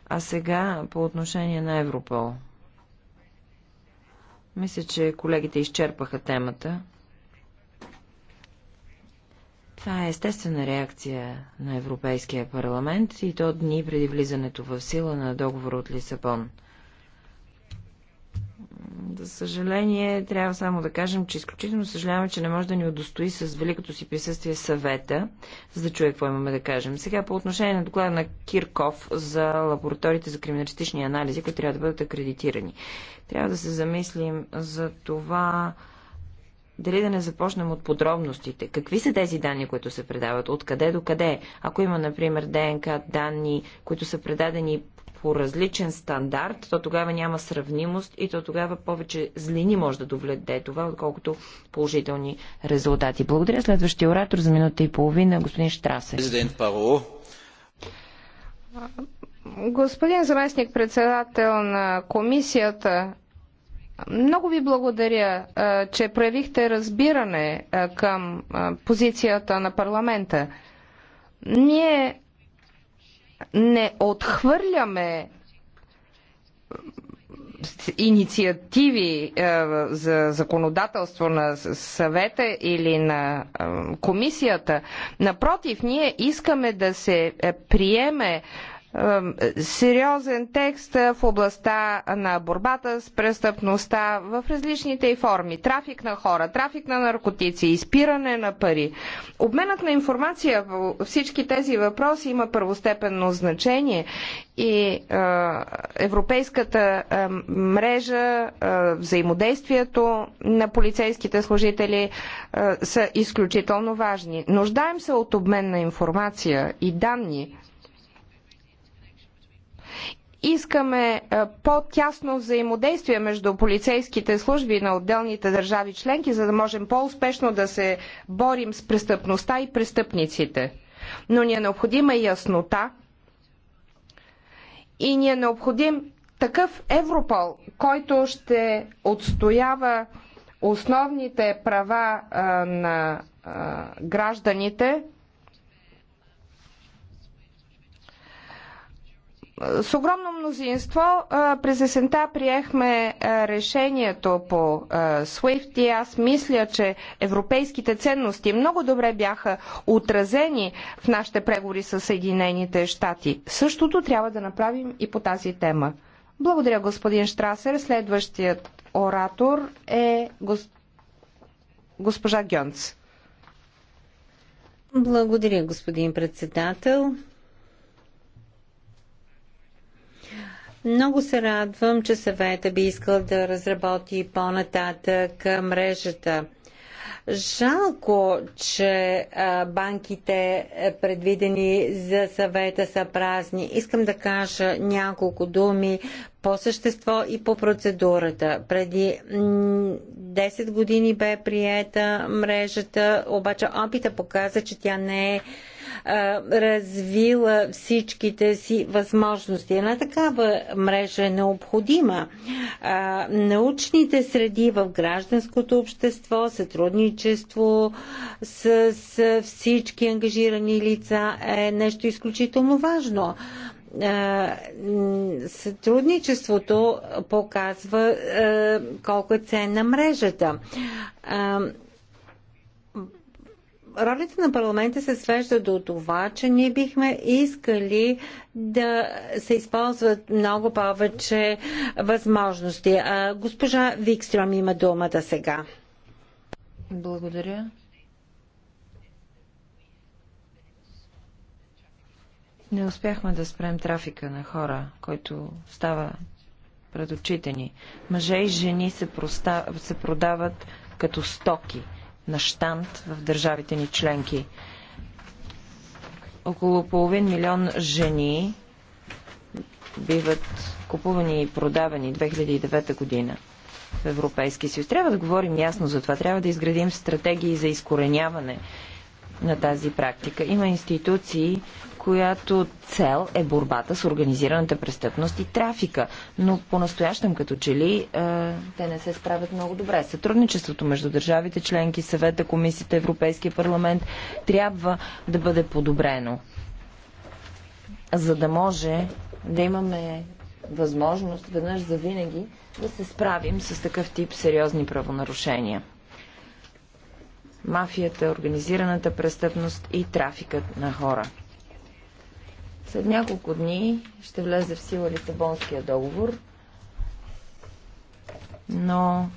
А сега по отношение на Европол. Мисля, че колегите изчерпаха темата. Това е естествена реакция на Европейския парламент и то дни преди влизането в сила на договора от Лисабон – за съжаление, трябва само да кажем, че изключително съжаляваме, че не може да ни удостои с великото си присъствие съвета, за да чуе какво имаме да кажем. Сега по отношение на доклада на Кирков за лабораториите за криминалистични анализи, които трябва да бъдат акредитирани. Трябва да се замислим за това, дали да не започнем от подробностите. Какви са тези данни, които се предават? От къде до къде? Ако има, например, ДНК данни, които са предадени по различен стандарт, то тогава няма сравнимост и то тогава повече злини може да довледе това, отколкото положителни резултати. Благодаря. Следващия оратор за минута и половина, господин Штрасе. Президент Паро. Господин заместник председател на комисията, много ви благодаря, че проявихте разбиране към позицията на парламента. Ние не отхвърляме инициативи е, за законодателство на съвета или на е, комисията. Напротив, ние искаме да се е, приеме сериозен текст в областта на борбата с престъпността в различните и форми. Трафик на хора, трафик на наркотици, изпиране на пари. Обменът на информация в всички тези въпроси има първостепенно значение и европейската мрежа, взаимодействието на полицейските служители са изключително важни. Нуждаем се от обмен на информация и данни Искаме е, по-тясно взаимодействие между полицейските служби на отделните държави членки, за да можем по-успешно да се борим с престъпността и престъпниците. Но ни е необходима яснота и ни е необходим такъв Европол, който ще отстоява основните права а, е, на а, е, гражданите С огромно мнозинство през есента приехме решението по SWIFT и аз мисля, че европейските ценности много добре бяха отразени в нашите преговори с Съединените щати. Същото трябва да направим и по тази тема. Благодаря, господин Штрасер. Следващият оратор е гос... госпожа Гьонц. Благодаря, господин председател. Много се радвам, че съвета би искал да разработи по-нататък мрежата. Жалко, че банките е, предвидени за съвета са празни. Искам да кажа няколко думи по същество и по процедурата. Преди 10 години бе приета мрежата, обаче опита показа, че тя не е развила всичките си възможности. Една такава мрежа е необходима. Научните среди в гражданското общество, сътрудничество с всички ангажирани лица е нещо изключително важно сътрудничеството показва колко е ценна мрежата ролята на парламента се свежда до това, че ние бихме искали да се използват много повече възможности. Госпожа Викстром има думата сега. Благодаря. Не успяхме да спрем трафика на хора, който става пред очите ни. Мъже и жени се, проста... се продават като стоки на штант в държавите ни членки. Около половин милион жени биват купувани и продавани 2009 година в Европейския съюз. Трябва да говорим ясно за това. Трябва да изградим стратегии за изкореняване на тази практика. Има институции, която цел е борбата с организираната престъпност и трафика. Но по-настоящем като че ли е, те не се справят много добре. Сътрудничеството между държавите, членки, съвета, комисията, Европейския парламент трябва да бъде подобрено, за да може да имаме възможност веднъж за винаги да се справим с такъв тип сериозни правонарушения мафията, организираната престъпност и трафикът на хора. След няколко дни ще влезе в сила Лисабонския договор, но,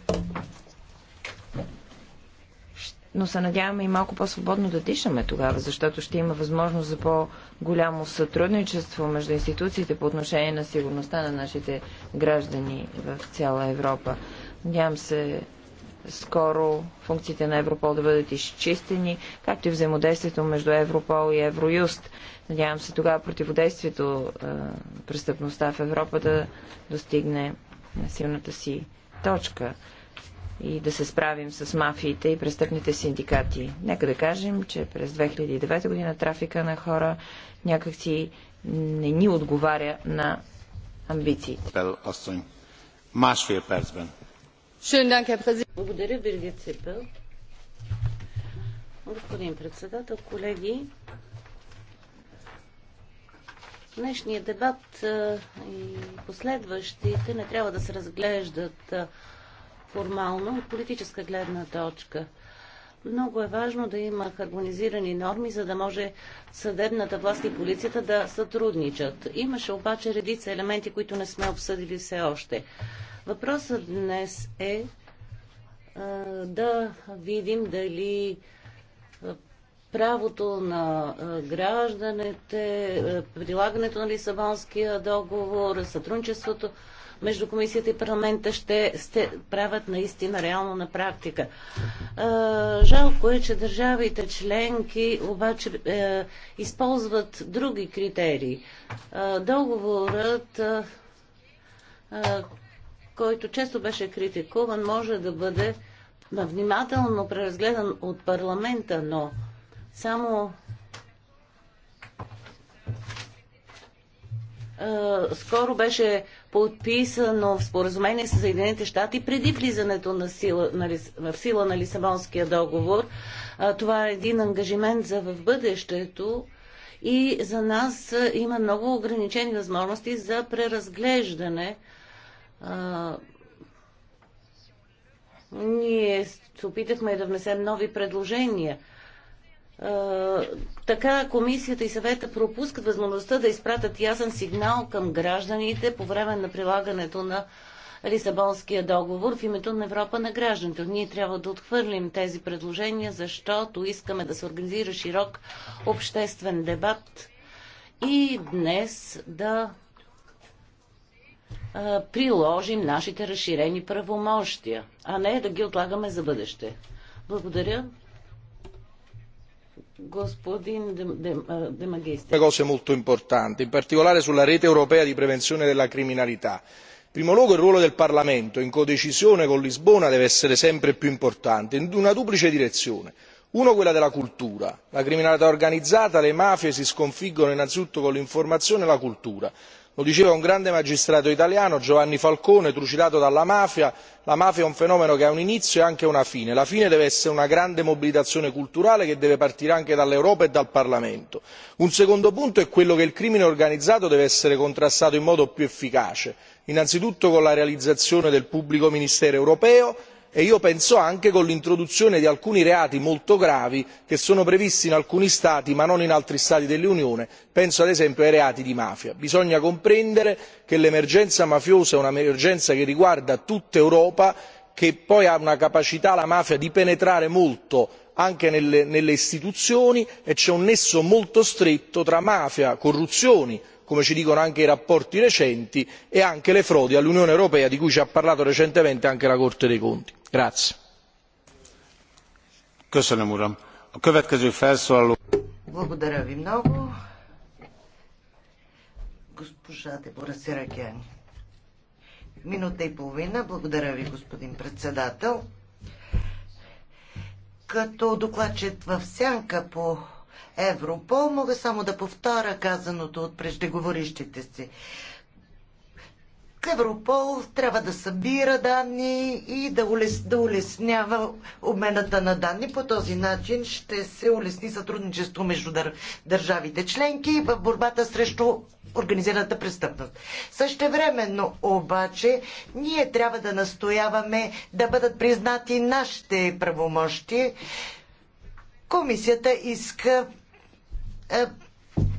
но се надяваме и малко по-свободно да дишаме тогава, защото ще има възможност за по-голямо сътрудничество между институциите по отношение на сигурността на нашите граждани в цяла Европа. Надявам се скоро функциите на Европол да бъдат изчистени, както и взаимодействието между Европол и Евроюст. Надявам се тогава противодействието е, престъпността в Европа да достигне на силната си точка и да се справим с мафиите и престъпните синдикати. Нека да кажем, че през 2009 година трафика на хора някакси не ни отговаря на амбициите. Масови е перцбен. Благодаря, Бергит Сипел. Господин председател, колеги, днешният дебат и последващите не трябва да се разглеждат формално от политическа гледна точка. Много е важно да има хармонизирани норми, за да може съдебната власт и полицията да сътрудничат. Имаше обаче редица елементи, които не сме обсъдили все още. Въпросът днес е да видим дали правото на гражданите, прилагането на Лисабонския договор, сътрудничеството между комисията и парламента ще, ще правят наистина реално на практика. Жалко е, че държавите членки обаче е, използват други критерии. Договорът който често беше критикуван, може да бъде внимателно преразгледан от парламента, но само е, скоро беше подписано в споразумение с Съединените щати преди влизането на сила, на, в сила на Лисабонския договор. Е, това е един ангажимент за в бъдещето и за нас има много ограничени възможности за преразглеждане а, ние се опитахме да внесем нови предложения. А, така комисията и съвета пропускат възможността да изпратят ясен сигнал към гражданите по време на прилагането на Лисабонския договор в името на Европа на гражданите. Ние трябва да отхвърлим тези предложения, защото искаме да се организира широк обществен дебат и днес да приложим нашите разширени правомощия, а не да ги отлагаме за бъдеще. Благодаря. Господин cose molto importanti, in particolare sulla rete europea di prevenzione della criminalità. In primo luogo il ruolo del Parlamento in codecisione con Lisbona deve essere sempre più importante, in una duplice direzione. Uno quella della cultura. La criminalità organizzata, le mafie si sconfiggono innanzitutto con l'informazione e la cultura lo diceva un grande magistrato italiano giovanni falcone trucidato dalla mafia la mafia è un fenomeno che ha un inizio e anche una fine la fine deve essere una grande mobilitazione culturale che deve partire anche dall'europa e dal parlamento. un secondo punto è quello che il crimine organizzato deve essere contrastato in modo più efficace innanzitutto con la realizzazione del pubblico ministero europeo e io penso anche con l'introduzione di alcuni reati molto gravi che sono previsti in alcuni stati ma non in altri stati dell'unione penso ad esempio ai reati di mafia. bisogna comprendere che l'emergenza mafiosa è un'emergenza che riguarda tutta europa che poi ha una capacità la mafia di penetrare molto anche nelle istituzioni e c'è un nesso molto stretto tra mafia corruzione come ci dicono anche i rapporti recenti e anche le frodi all'unione europea di cui ci ha parlato recentemente anche la corte dei conti. Минута и половина. Благодаря ви, господин председател. Като в сянка по Европол. Мога само да повторя казаното от преждеговорищите си. Европол трябва да събира данни и да, улес, да улеснява обмената на данни. По този начин ще се улесни сътрудничество между дър, държавите членки в борбата срещу организираната престъпност. Същевременно обаче ние трябва да настояваме да бъдат признати нашите правомощи. Комисията иска е,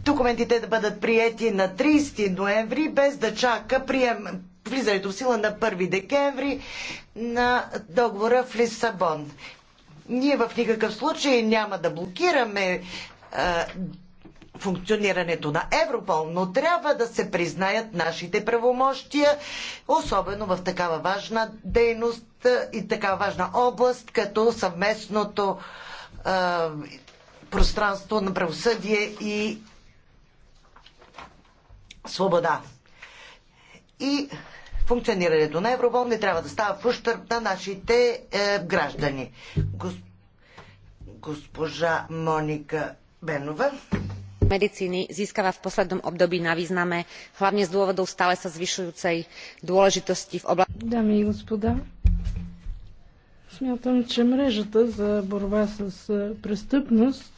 документите да бъдат приети на 30 ноември, без да чака прием, влизането в сила на 1 декември на договора в Лиссабон. Ние в никакъв случай няма да блокираме е, функционирането на Европол, но трябва да се признаят нашите правомощия, особено в такава важна дейност е, и такава важна област, като съвместното пространство на правосъдие и свобода. И функционирането на Европол не трябва да става в ущърп на нашите е, граждани. Гос... Госпожа Моника Бенова. Medicíny získava v poslednom období na význame, hlavne z dôvodov stále sa zvyšujúcej dôležitosti v oblasti... Dámy a gospoda, Смятам, че мрежата за борба с престъпност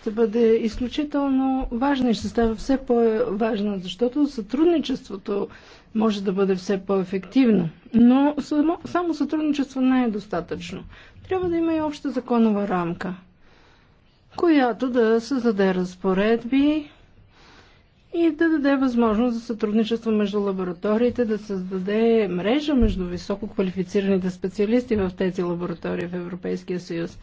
ще бъде изключително важна и ще става все по-важна, защото сътрудничеството може да бъде все по-ефективно. Но само, само сътрудничество не е достатъчно. Трябва да има и обща законова рамка, която да създаде разпоредби, и да даде възможност за сътрудничество между лабораториите, да създаде мрежа между високо квалифицираните специалисти в тези лаборатории в Европейския съюз.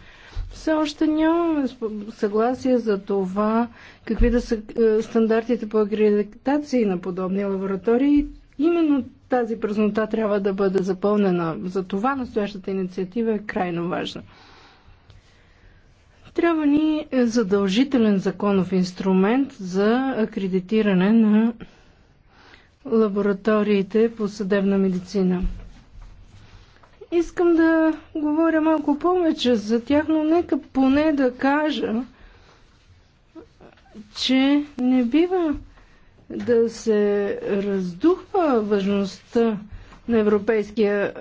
Все още нямаме съгласие за това какви да са е, стандартите по акредитации на подобни лаборатории. Именно тази празнота трябва да бъде запълнена. За това настоящата инициатива е крайно важна. Трябва ни е, задължителен законов инструмент за акредитиране на лабораториите по съдебна медицина. Искам да говоря малко повече за тях, но нека поне да кажа, че не бива да се раздухва важността на Европейския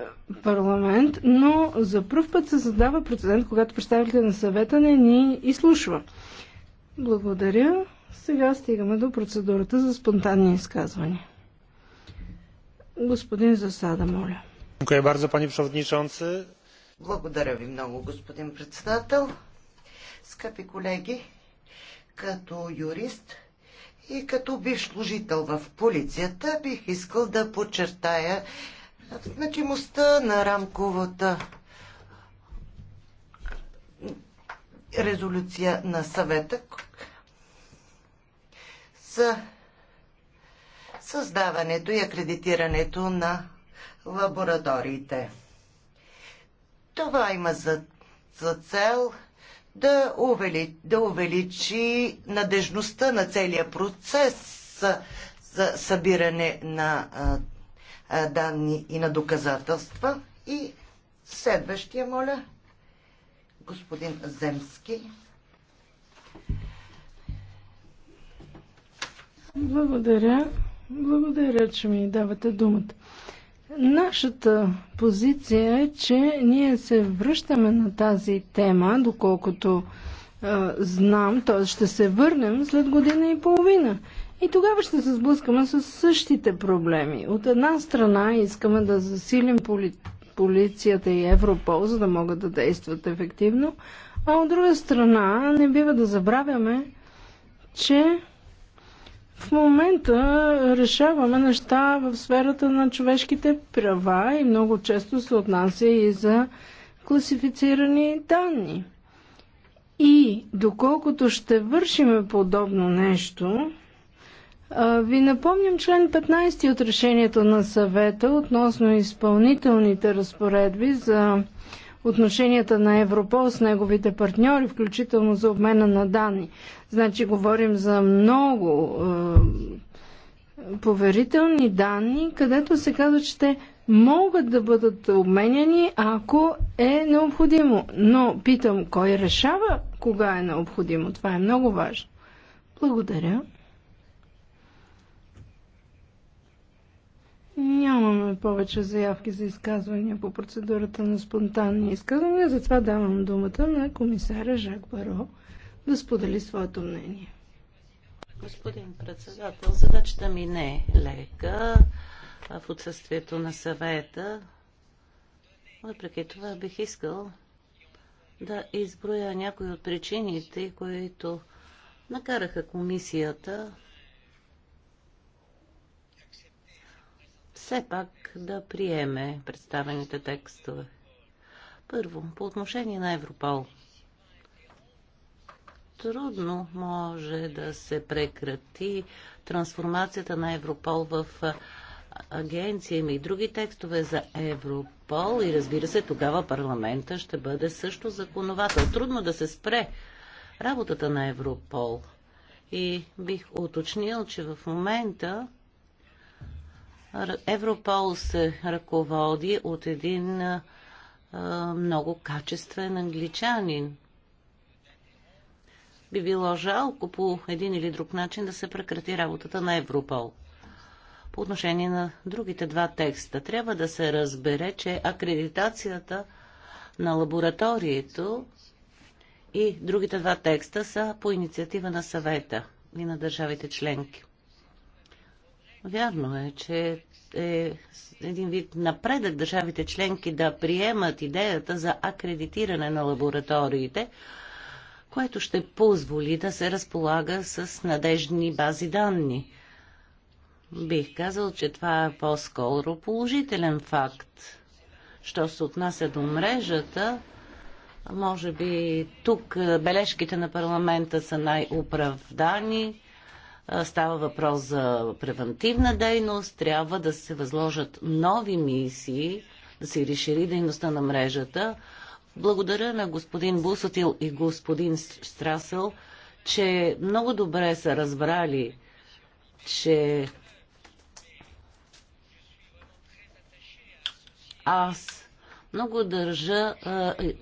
парламент, но за първ път се задава прецедент, когато представителите на съвета не ни изслушва. Благодаря. Сега стигаме до процедурата за спонтанни изказвания. Господин Засада, моля. Благодаря ви много, господин председател. Скъпи колеги, като юрист и като бивш служител в полицията бих искал да подчертая, Значимостта на рамковата резолюция на съвета за създаването и акредитирането на лабораториите. Това има за, за цел да, увели, да увеличи надежността на целия процес за събиране на а, данни и на доказателства. И следващия, моля, господин Земски. Благодаря. Благодаря, че ми давате думата. Нашата позиция е, че ние се връщаме на тази тема, доколкото е, знам, т.е. ще се върнем след година и половина. И тогава ще се сблъскаме с същите проблеми. От една страна искаме да засилим поли... полицията и Европол, за да могат да действат ефективно, а от друга страна не бива да забравяме, че в момента решаваме неща в сферата на човешките права и много често се отнася и за класифицирани данни. И доколкото ще вършиме подобно нещо, ви напомням член 15 от решението на съвета относно изпълнителните разпоредби за отношенията на Европол с неговите партньори, включително за обмена на данни. Значи говорим за много е, поверителни данни, където се казва, че те могат да бъдат обменяни, ако е необходимо. Но питам, кой решава кога е необходимо? Това е много важно. Благодаря. Нямаме повече заявки за изказвания по процедурата на спонтанни изказвания, затова давам думата на комисаря Жак Баро да сподели своето мнение. Господин председател, задачата ми не е лека в отсъствието на съвета. Въпреки това бих искал да изброя някои от причините, които накараха комисията все пак да приеме представените текстове. Първо, по отношение на Европол. Трудно може да се прекрати трансформацията на Европол в агенция. Има и други текстове за Европол и разбира се, тогава парламента ще бъде също законовател. Трудно да се спре работата на Европол. И бих уточнил, че в момента Европол се ръководи от един а, много качествен англичанин. Би било жалко по един или друг начин да се прекрати работата на Европол. По отношение на другите два текста, трябва да се разбере, че акредитацията на лабораторието и другите два текста са по инициатива на съвета и на държавите членки. Вярно е, че е един вид напредък държавите членки да приемат идеята за акредитиране на лабораториите, което ще позволи да се разполага с надежни бази данни. Бих казал, че това е по-скоро положителен факт. Що се отнася до мрежата, може би тук е, бележките на парламента са най-оправдани. Става въпрос за превентивна дейност, трябва да се възложат нови мисии, да се разшири дейността на мрежата. Благодаря на господин Бусотил и господин Страсел, че много добре са разбрали, че аз много държа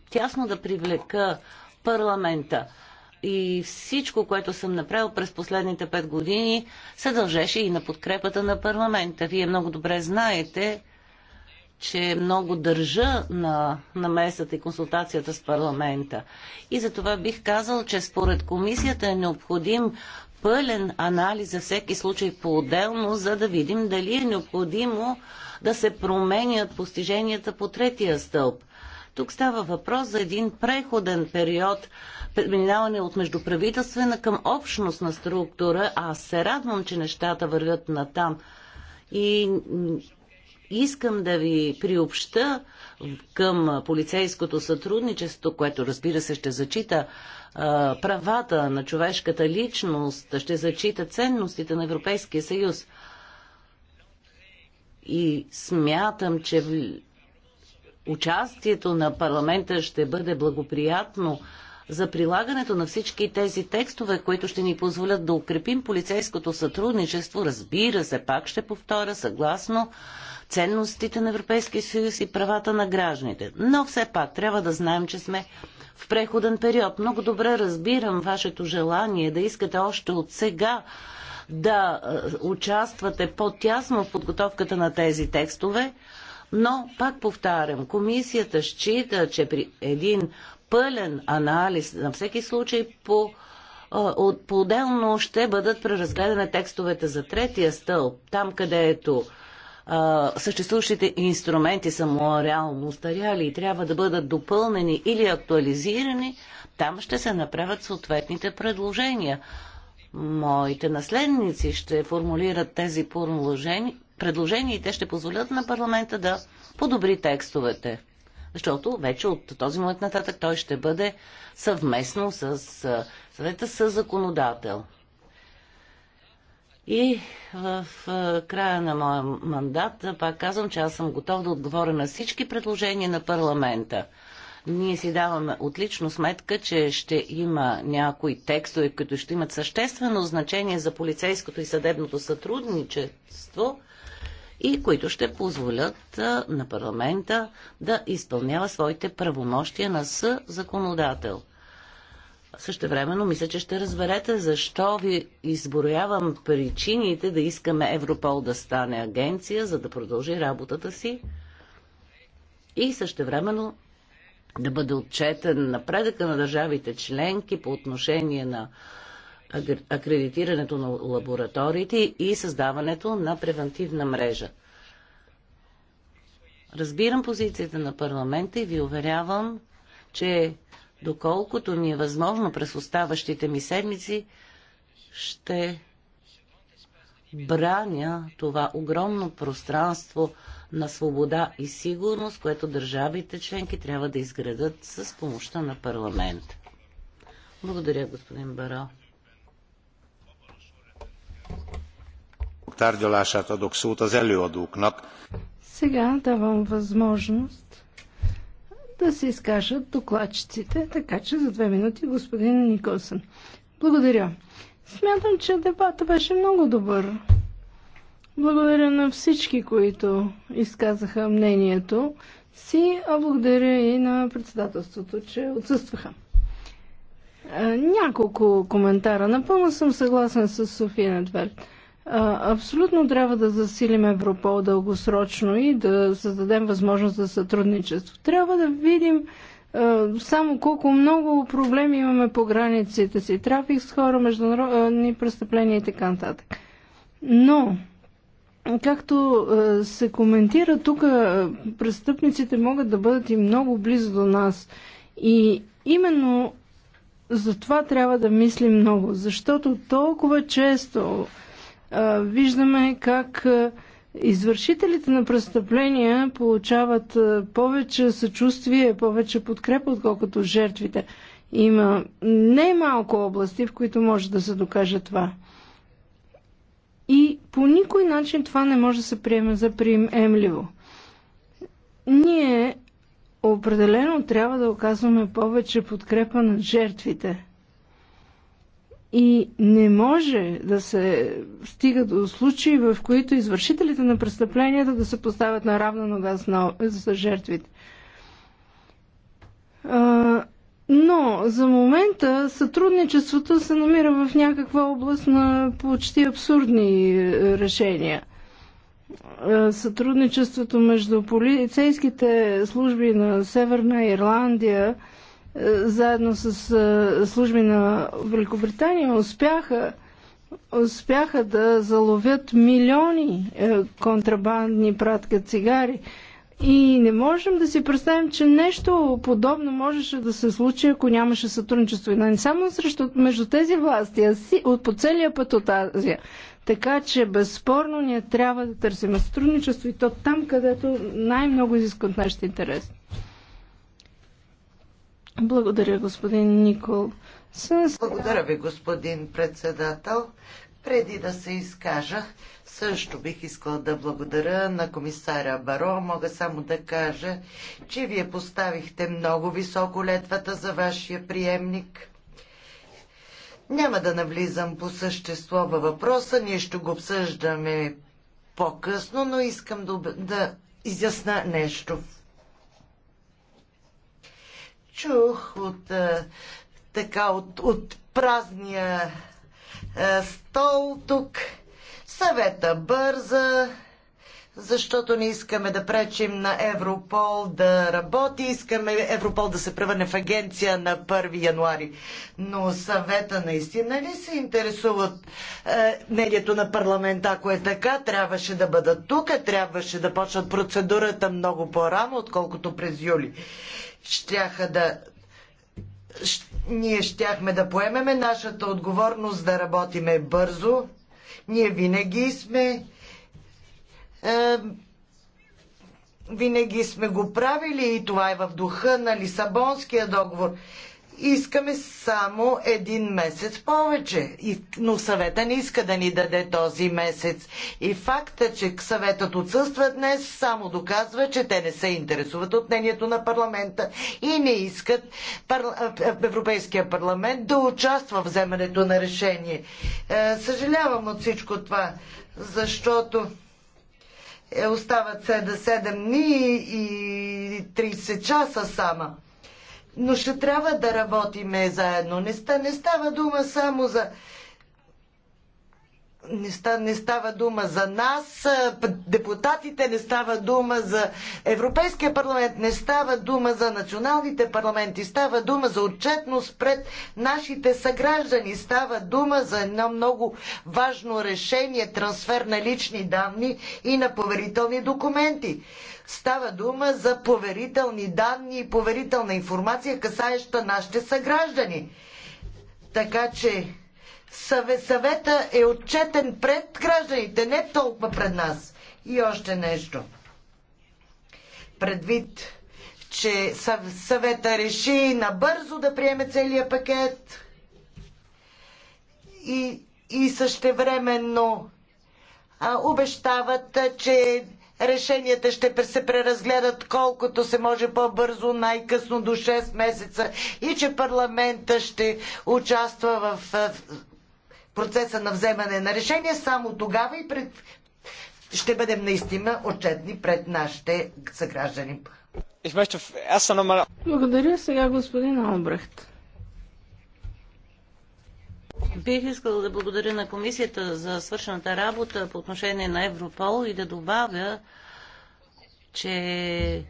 тясно да привлека парламента и всичко, което съм направил през последните пет години, се дължеше и на подкрепата на парламента. Вие много добре знаете, че много държа на намесата и консултацията с парламента. И за това бих казал, че според комисията е необходим пълен анализ за всеки случай по-отделно, за да видим дали е необходимо да се променят постиженията по третия стълб. Тук става въпрос за един преходен период, преминаване от междуправителствена към общностна структура. Аз се радвам, че нещата вървят натам. И искам да ви приобща към полицейското сътрудничество, което разбира се ще зачита правата на човешката личност, ще зачита ценностите на Европейския съюз. И смятам, че участието на парламента ще бъде благоприятно за прилагането на всички тези текстове, които ще ни позволят да укрепим полицейското сътрудничество, разбира се, пак ще повторя, съгласно ценностите на Европейския съюз и правата на гражданите. Но все пак трябва да знаем, че сме в преходен период. Много добре разбирам вашето желание да искате още от сега да е, участвате по-тясно в подготовката на тези текстове, но, пак повтарям, комисията счита, че при един пълен анализ на всеки случай по по-отделно ще бъдат преразгледани текстовете за третия стълб, там където а, съществуващите инструменти са му реално устаряли и трябва да бъдат допълнени или актуализирани, там ще се направят съответните предложения. Моите наследници ще формулират тези предложения и те ще позволят на парламента да подобри текстовете. Защото вече от този момент нататък той ще бъде съвместно с съвета с законодател. И в края на моя мандат пак казвам, че аз съм готов да отговоря на всички предложения на парламента. Ние си даваме отлично сметка, че ще има някои текстове, които ще имат съществено значение за полицейското и съдебното сътрудничество – и които ще позволят на парламента да изпълнява своите правомощия на съзаконодател. Също времено мисля, че ще разберете защо ви изброявам причините да искаме Европол да стане агенция, за да продължи работата си и също времено да бъде отчетен напредъка на държавите членки по отношение на акредитирането на лабораториите и създаването на превентивна мрежа. Разбирам позицията на парламента и ви уверявам, че доколкото ми е възможно през оставащите ми седмици, ще браня това огромно пространство на свобода и сигурност, което държавите членки трябва да изградат с помощта на парламент. Благодаря, господин Баро adok szót az előadóknak. Сега давам възможност да се изкажат докладчиците, така че за две минути господин Николсън. Благодаря. Смятам, че дебата беше много добър. Благодаря на всички, които изказаха мнението си, а благодаря и на председателството, че отсъстваха. Е, няколко коментара. Напълно съм съгласен с София Недвель. Абсолютно трябва да засилим Европол дългосрочно и да създадем възможност за сътрудничество. Трябва да видим е, само колко много проблеми имаме по границите си. Трафик с хора, международни престъпления и така нататък. Но, както е, се коментира тук, престъпниците могат да бъдат и много близо до нас. И именно за това трябва да мислим много, защото толкова често а, виждаме как а, извършителите на престъпления получават а, повече съчувствие, повече подкрепа, отколкото жертвите. Има не малко области, в които може да се докаже това. И по никой начин това не може да се приеме за приемливо. Ние Определено трябва да оказваме повече подкрепа на жертвите. И не може да се стига до случаи, в които извършителите на престъпленията да се поставят на равна нога с жертвите. Но за момента сътрудничеството се намира в някаква област на почти абсурдни е, решения. Е, сътрудничеството между полицейските служби на Северна Ирландия е, заедно с е, служби на Великобритания успяха успяха да заловят милиони контрабандни пратка цигари. И не можем да си представим, че нещо подобно можеше да се случи, ако нямаше сътрудничество. И не само срещу, между тези власти, а си, от, по целия път от Азия. Така че безспорно ние трябва да търсим сътрудничество и то там, където най-много изискват нашите интереси. Благодаря, господин Никол. С... Благодаря ви, господин председател. Преди да се изкажа, също бих искала да благодаря на комисаря Баро. Мога само да кажа, че вие поставихте много високо летвата за вашия приемник. Няма да навлизам по същество във въпроса, ние ще го обсъждаме по-късно, но искам да, да изясна нещо. Чух от, така, от, от празния е, стол тук. Съвета бърза, защото не искаме да пречим на Европол да работи, искаме Европол да се превърне в агенция на 1 януари. Но съвета наистина ли се интересуват е, мнението на парламента, ако е така, трябваше да бъдат тук, трябваше да почнат процедурата много по-рано, отколкото през юли. Щяха да, ние щяхме да поемеме нашата отговорност да работиме бързо. Ние винаги сме е, винаги сме го правили и това е в духа на Лисабонския договор искаме само един месец повече. но съвета не иска да ни даде този месец. И факта, че съветът отсъства днес, само доказва, че те не се интересуват от мнението на парламента и не искат Европейския парламент да участва в вземането на решение. Е, съжалявам от всичко това, защото е, остават 7 дни и 30 часа сама но ще трябва да работиме заедно. Не, не става дума само за не, ста, не става дума за нас, депутатите, не става дума за Европейския парламент, не става дума за националните парламенти, става дума за отчетност пред нашите съграждани, става дума за едно много важно решение трансфер на лични данни и на поверителни документи. Става дума за поверителни данни и поверителна информация, касаеща нашите съграждани. Така че съвета е отчетен пред гражданите, не толкова пред нас. И още нещо. Предвид, че съвета реши набързо да приеме целият пакет и, и същевременно а, обещават, че решенията ще се преразгледат колкото се може по-бързо, най-късно до 6 месеца и че парламента ще участва в процеса на вземане на решение, само тогава и пред... ще бъдем наистина отчетни пред нашите съграждани. Благодаря сега господин Албрехт. Бих искала да благодаря на комисията за свършената работа по отношение на Европол и да добавя, че е,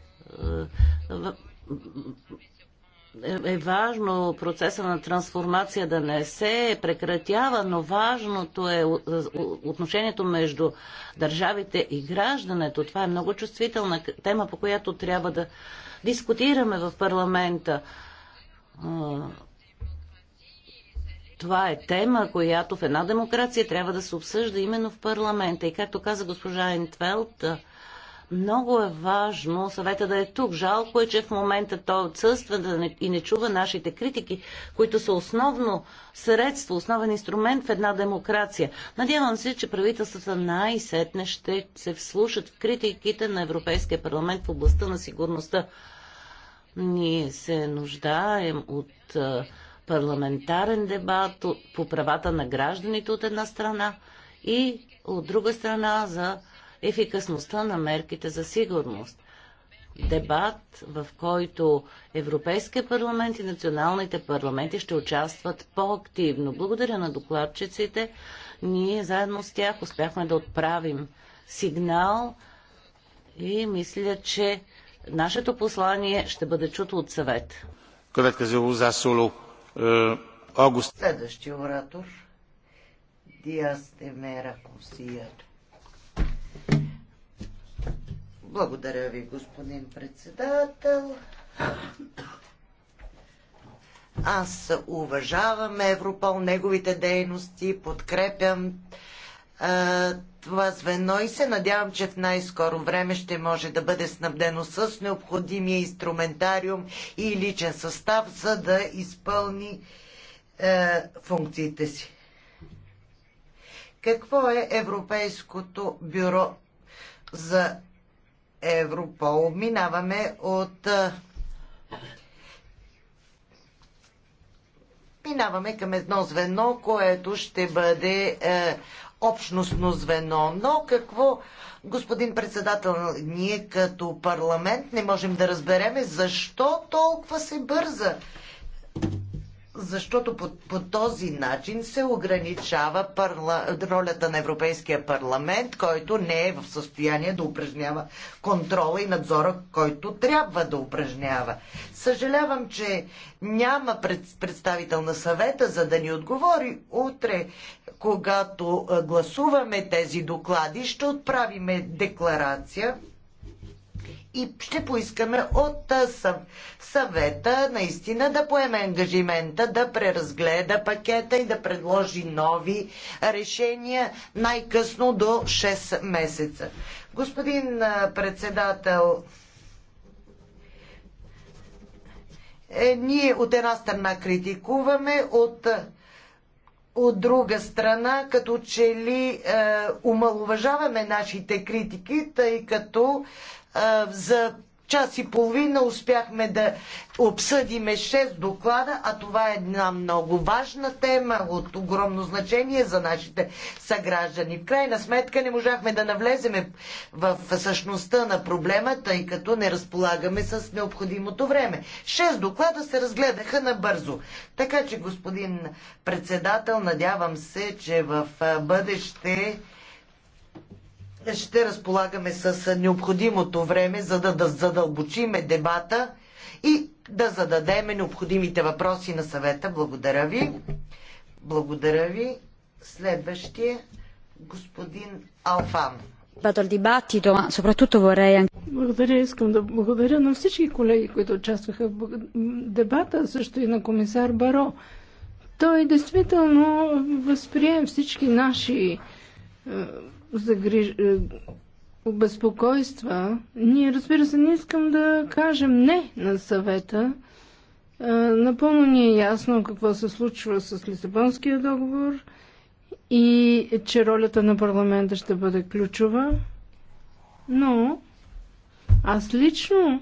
е, е важно процеса на трансформация да не се прекратява, но важното е отношението между държавите и граждането. Това е много чувствителна тема, по която трябва да дискутираме в парламента. Това е тема, която в една демокрация трябва да се обсъжда именно в парламента. И както каза госпожа Ентвелт, много е важно съвета да е тук. Жалко е, че в момента той отсъства да не, и не чува нашите критики, които са основно средство, основен инструмент в една демокрация. Надявам се, че правителствата най-сетне ще се вслушат в критиките на Европейския парламент в областта на сигурността. Ние се нуждаем от парламентарен дебат по правата на гражданите от една страна и от друга страна за ефикасността на мерките за сигурност. Дебат, в който Европейския парламент и националните парламенти ще участват по-активно. Благодаря на докладчиците. Ние заедно с тях успяхме да отправим сигнал и мисля, че нашето послание ще бъде чуто от съвет. Е, Следващия оратор Диас Демера Консиято. Благодаря ви, господин председател. Аз уважавам Европол, неговите дейности, подкрепям а, това звено и се надявам, че в най-скоро време ще може да бъде снабдено с необходимия инструментариум и личен състав, за да изпълни а, функциите си. Какво е Европейското бюро за Европол. Минаваме от Минаваме към едно звено, което ще бъде е, общностно звено. Но какво, господин председател, ние като парламент не можем да разбереме защо толкова се бърза защото по, по този начин се ограничава парла, ролята на Европейския парламент, който не е в състояние да упражнява контрола и надзора, който трябва да упражнява. Съжалявам, че няма пред, представител на съвета, за да ни отговори утре, когато гласуваме тези доклади, ще отправиме декларация и ще поискаме от съвета наистина да поеме ангажимента, да преразгледа пакета и да предложи нови решения най-късно до 6 месеца. Господин председател, е, ние от една страна критикуваме, от от друга страна, като че ли е, умалуважаваме нашите критики, тъй като за час и половина успяхме да обсъдиме 6 доклада, а това е една много важна тема от огромно значение за нашите съграждани. В крайна сметка не можахме да навлеземе в същността на проблема, тъй като не разполагаме с необходимото време. 6 доклада се разгледаха набързо. Така че, господин председател, надявам се, че в бъдеще ще разполагаме с необходимото време, за да, да задълбочиме дебата и да зададеме необходимите въпроси на съвета. Благодаря ви. Благодаря ви. Следващия господин Алфан. Благодаря, искам да благодаря на всички колеги, които участваха в дебата, също и на комисар Баро. Той действително възприем всички наши е, загриж... Е, обезпокойства. Ние, разбира се, не искам да кажем не на съвета. Е, напълно ни е ясно какво се случва с Лисабонския договор и че ролята на парламента ще бъде ключова. Но аз лично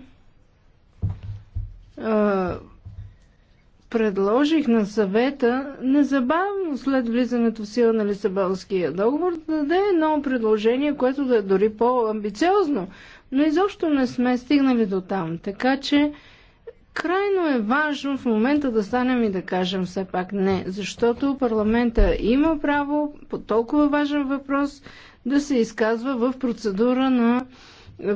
е, предложих на съвета незабавно след влизането в сила на Лисабонския договор да даде едно предложение, което да е дори по-амбициозно. Но изобщо не сме стигнали до там. Така че крайно е важно в момента да станем и да кажем все пак не, защото парламента има право по толкова важен въпрос да се изказва в процедура на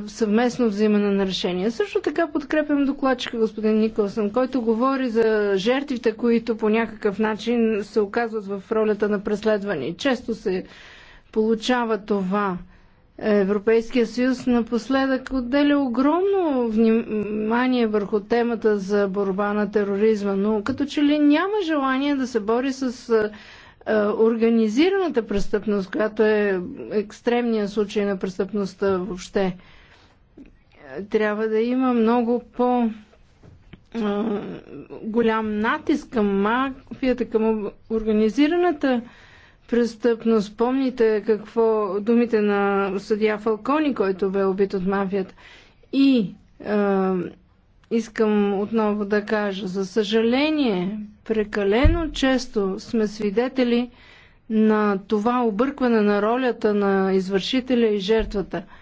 съвместно взимане на решения. Също така подкрепям докладчика господин Николсън, който говори за жертвите, които по някакъв начин се оказват в ролята на преследване. Често се получава това. Европейския съюз напоследък отделя огромно внимание върху темата за борба на тероризма, но като че ли няма желание да се бори с организираната престъпност, която е екстремния случай на престъпността въобще трябва да има много по- голям натиск към мафията, към организираната престъпност. Помните какво думите на съдия Фалкони, който бе убит от мафията. И е, искам отново да кажа, за съжаление, прекалено често сме свидетели на това объркване на ролята на извършителя и жертвата –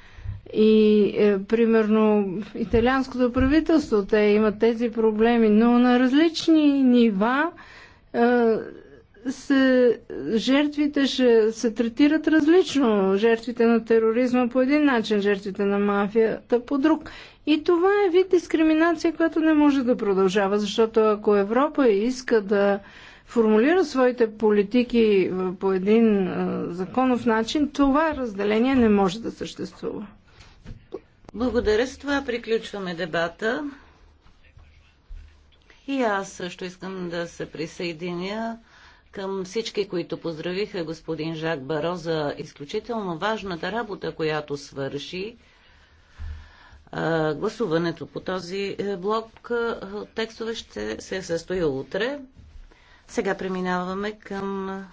и е, примерно италианското правителство, те имат тези проблеми, но на различни нива е, се, жертвите ще се третират различно. Жертвите на тероризма по един начин, жертвите на мафията по друг. И това е вид дискриминация, която не може да продължава, защото ако Европа иска да формулира своите политики по един е, законов начин, това разделение не може да съществува. Благодаря с това. Приключваме дебата. И аз също искам да се присъединя към всички, които поздравиха господин Жак Баро за изключително важната работа, която свърши. Гласуването по този е, блок текстове ще се е състои утре. Сега преминаваме към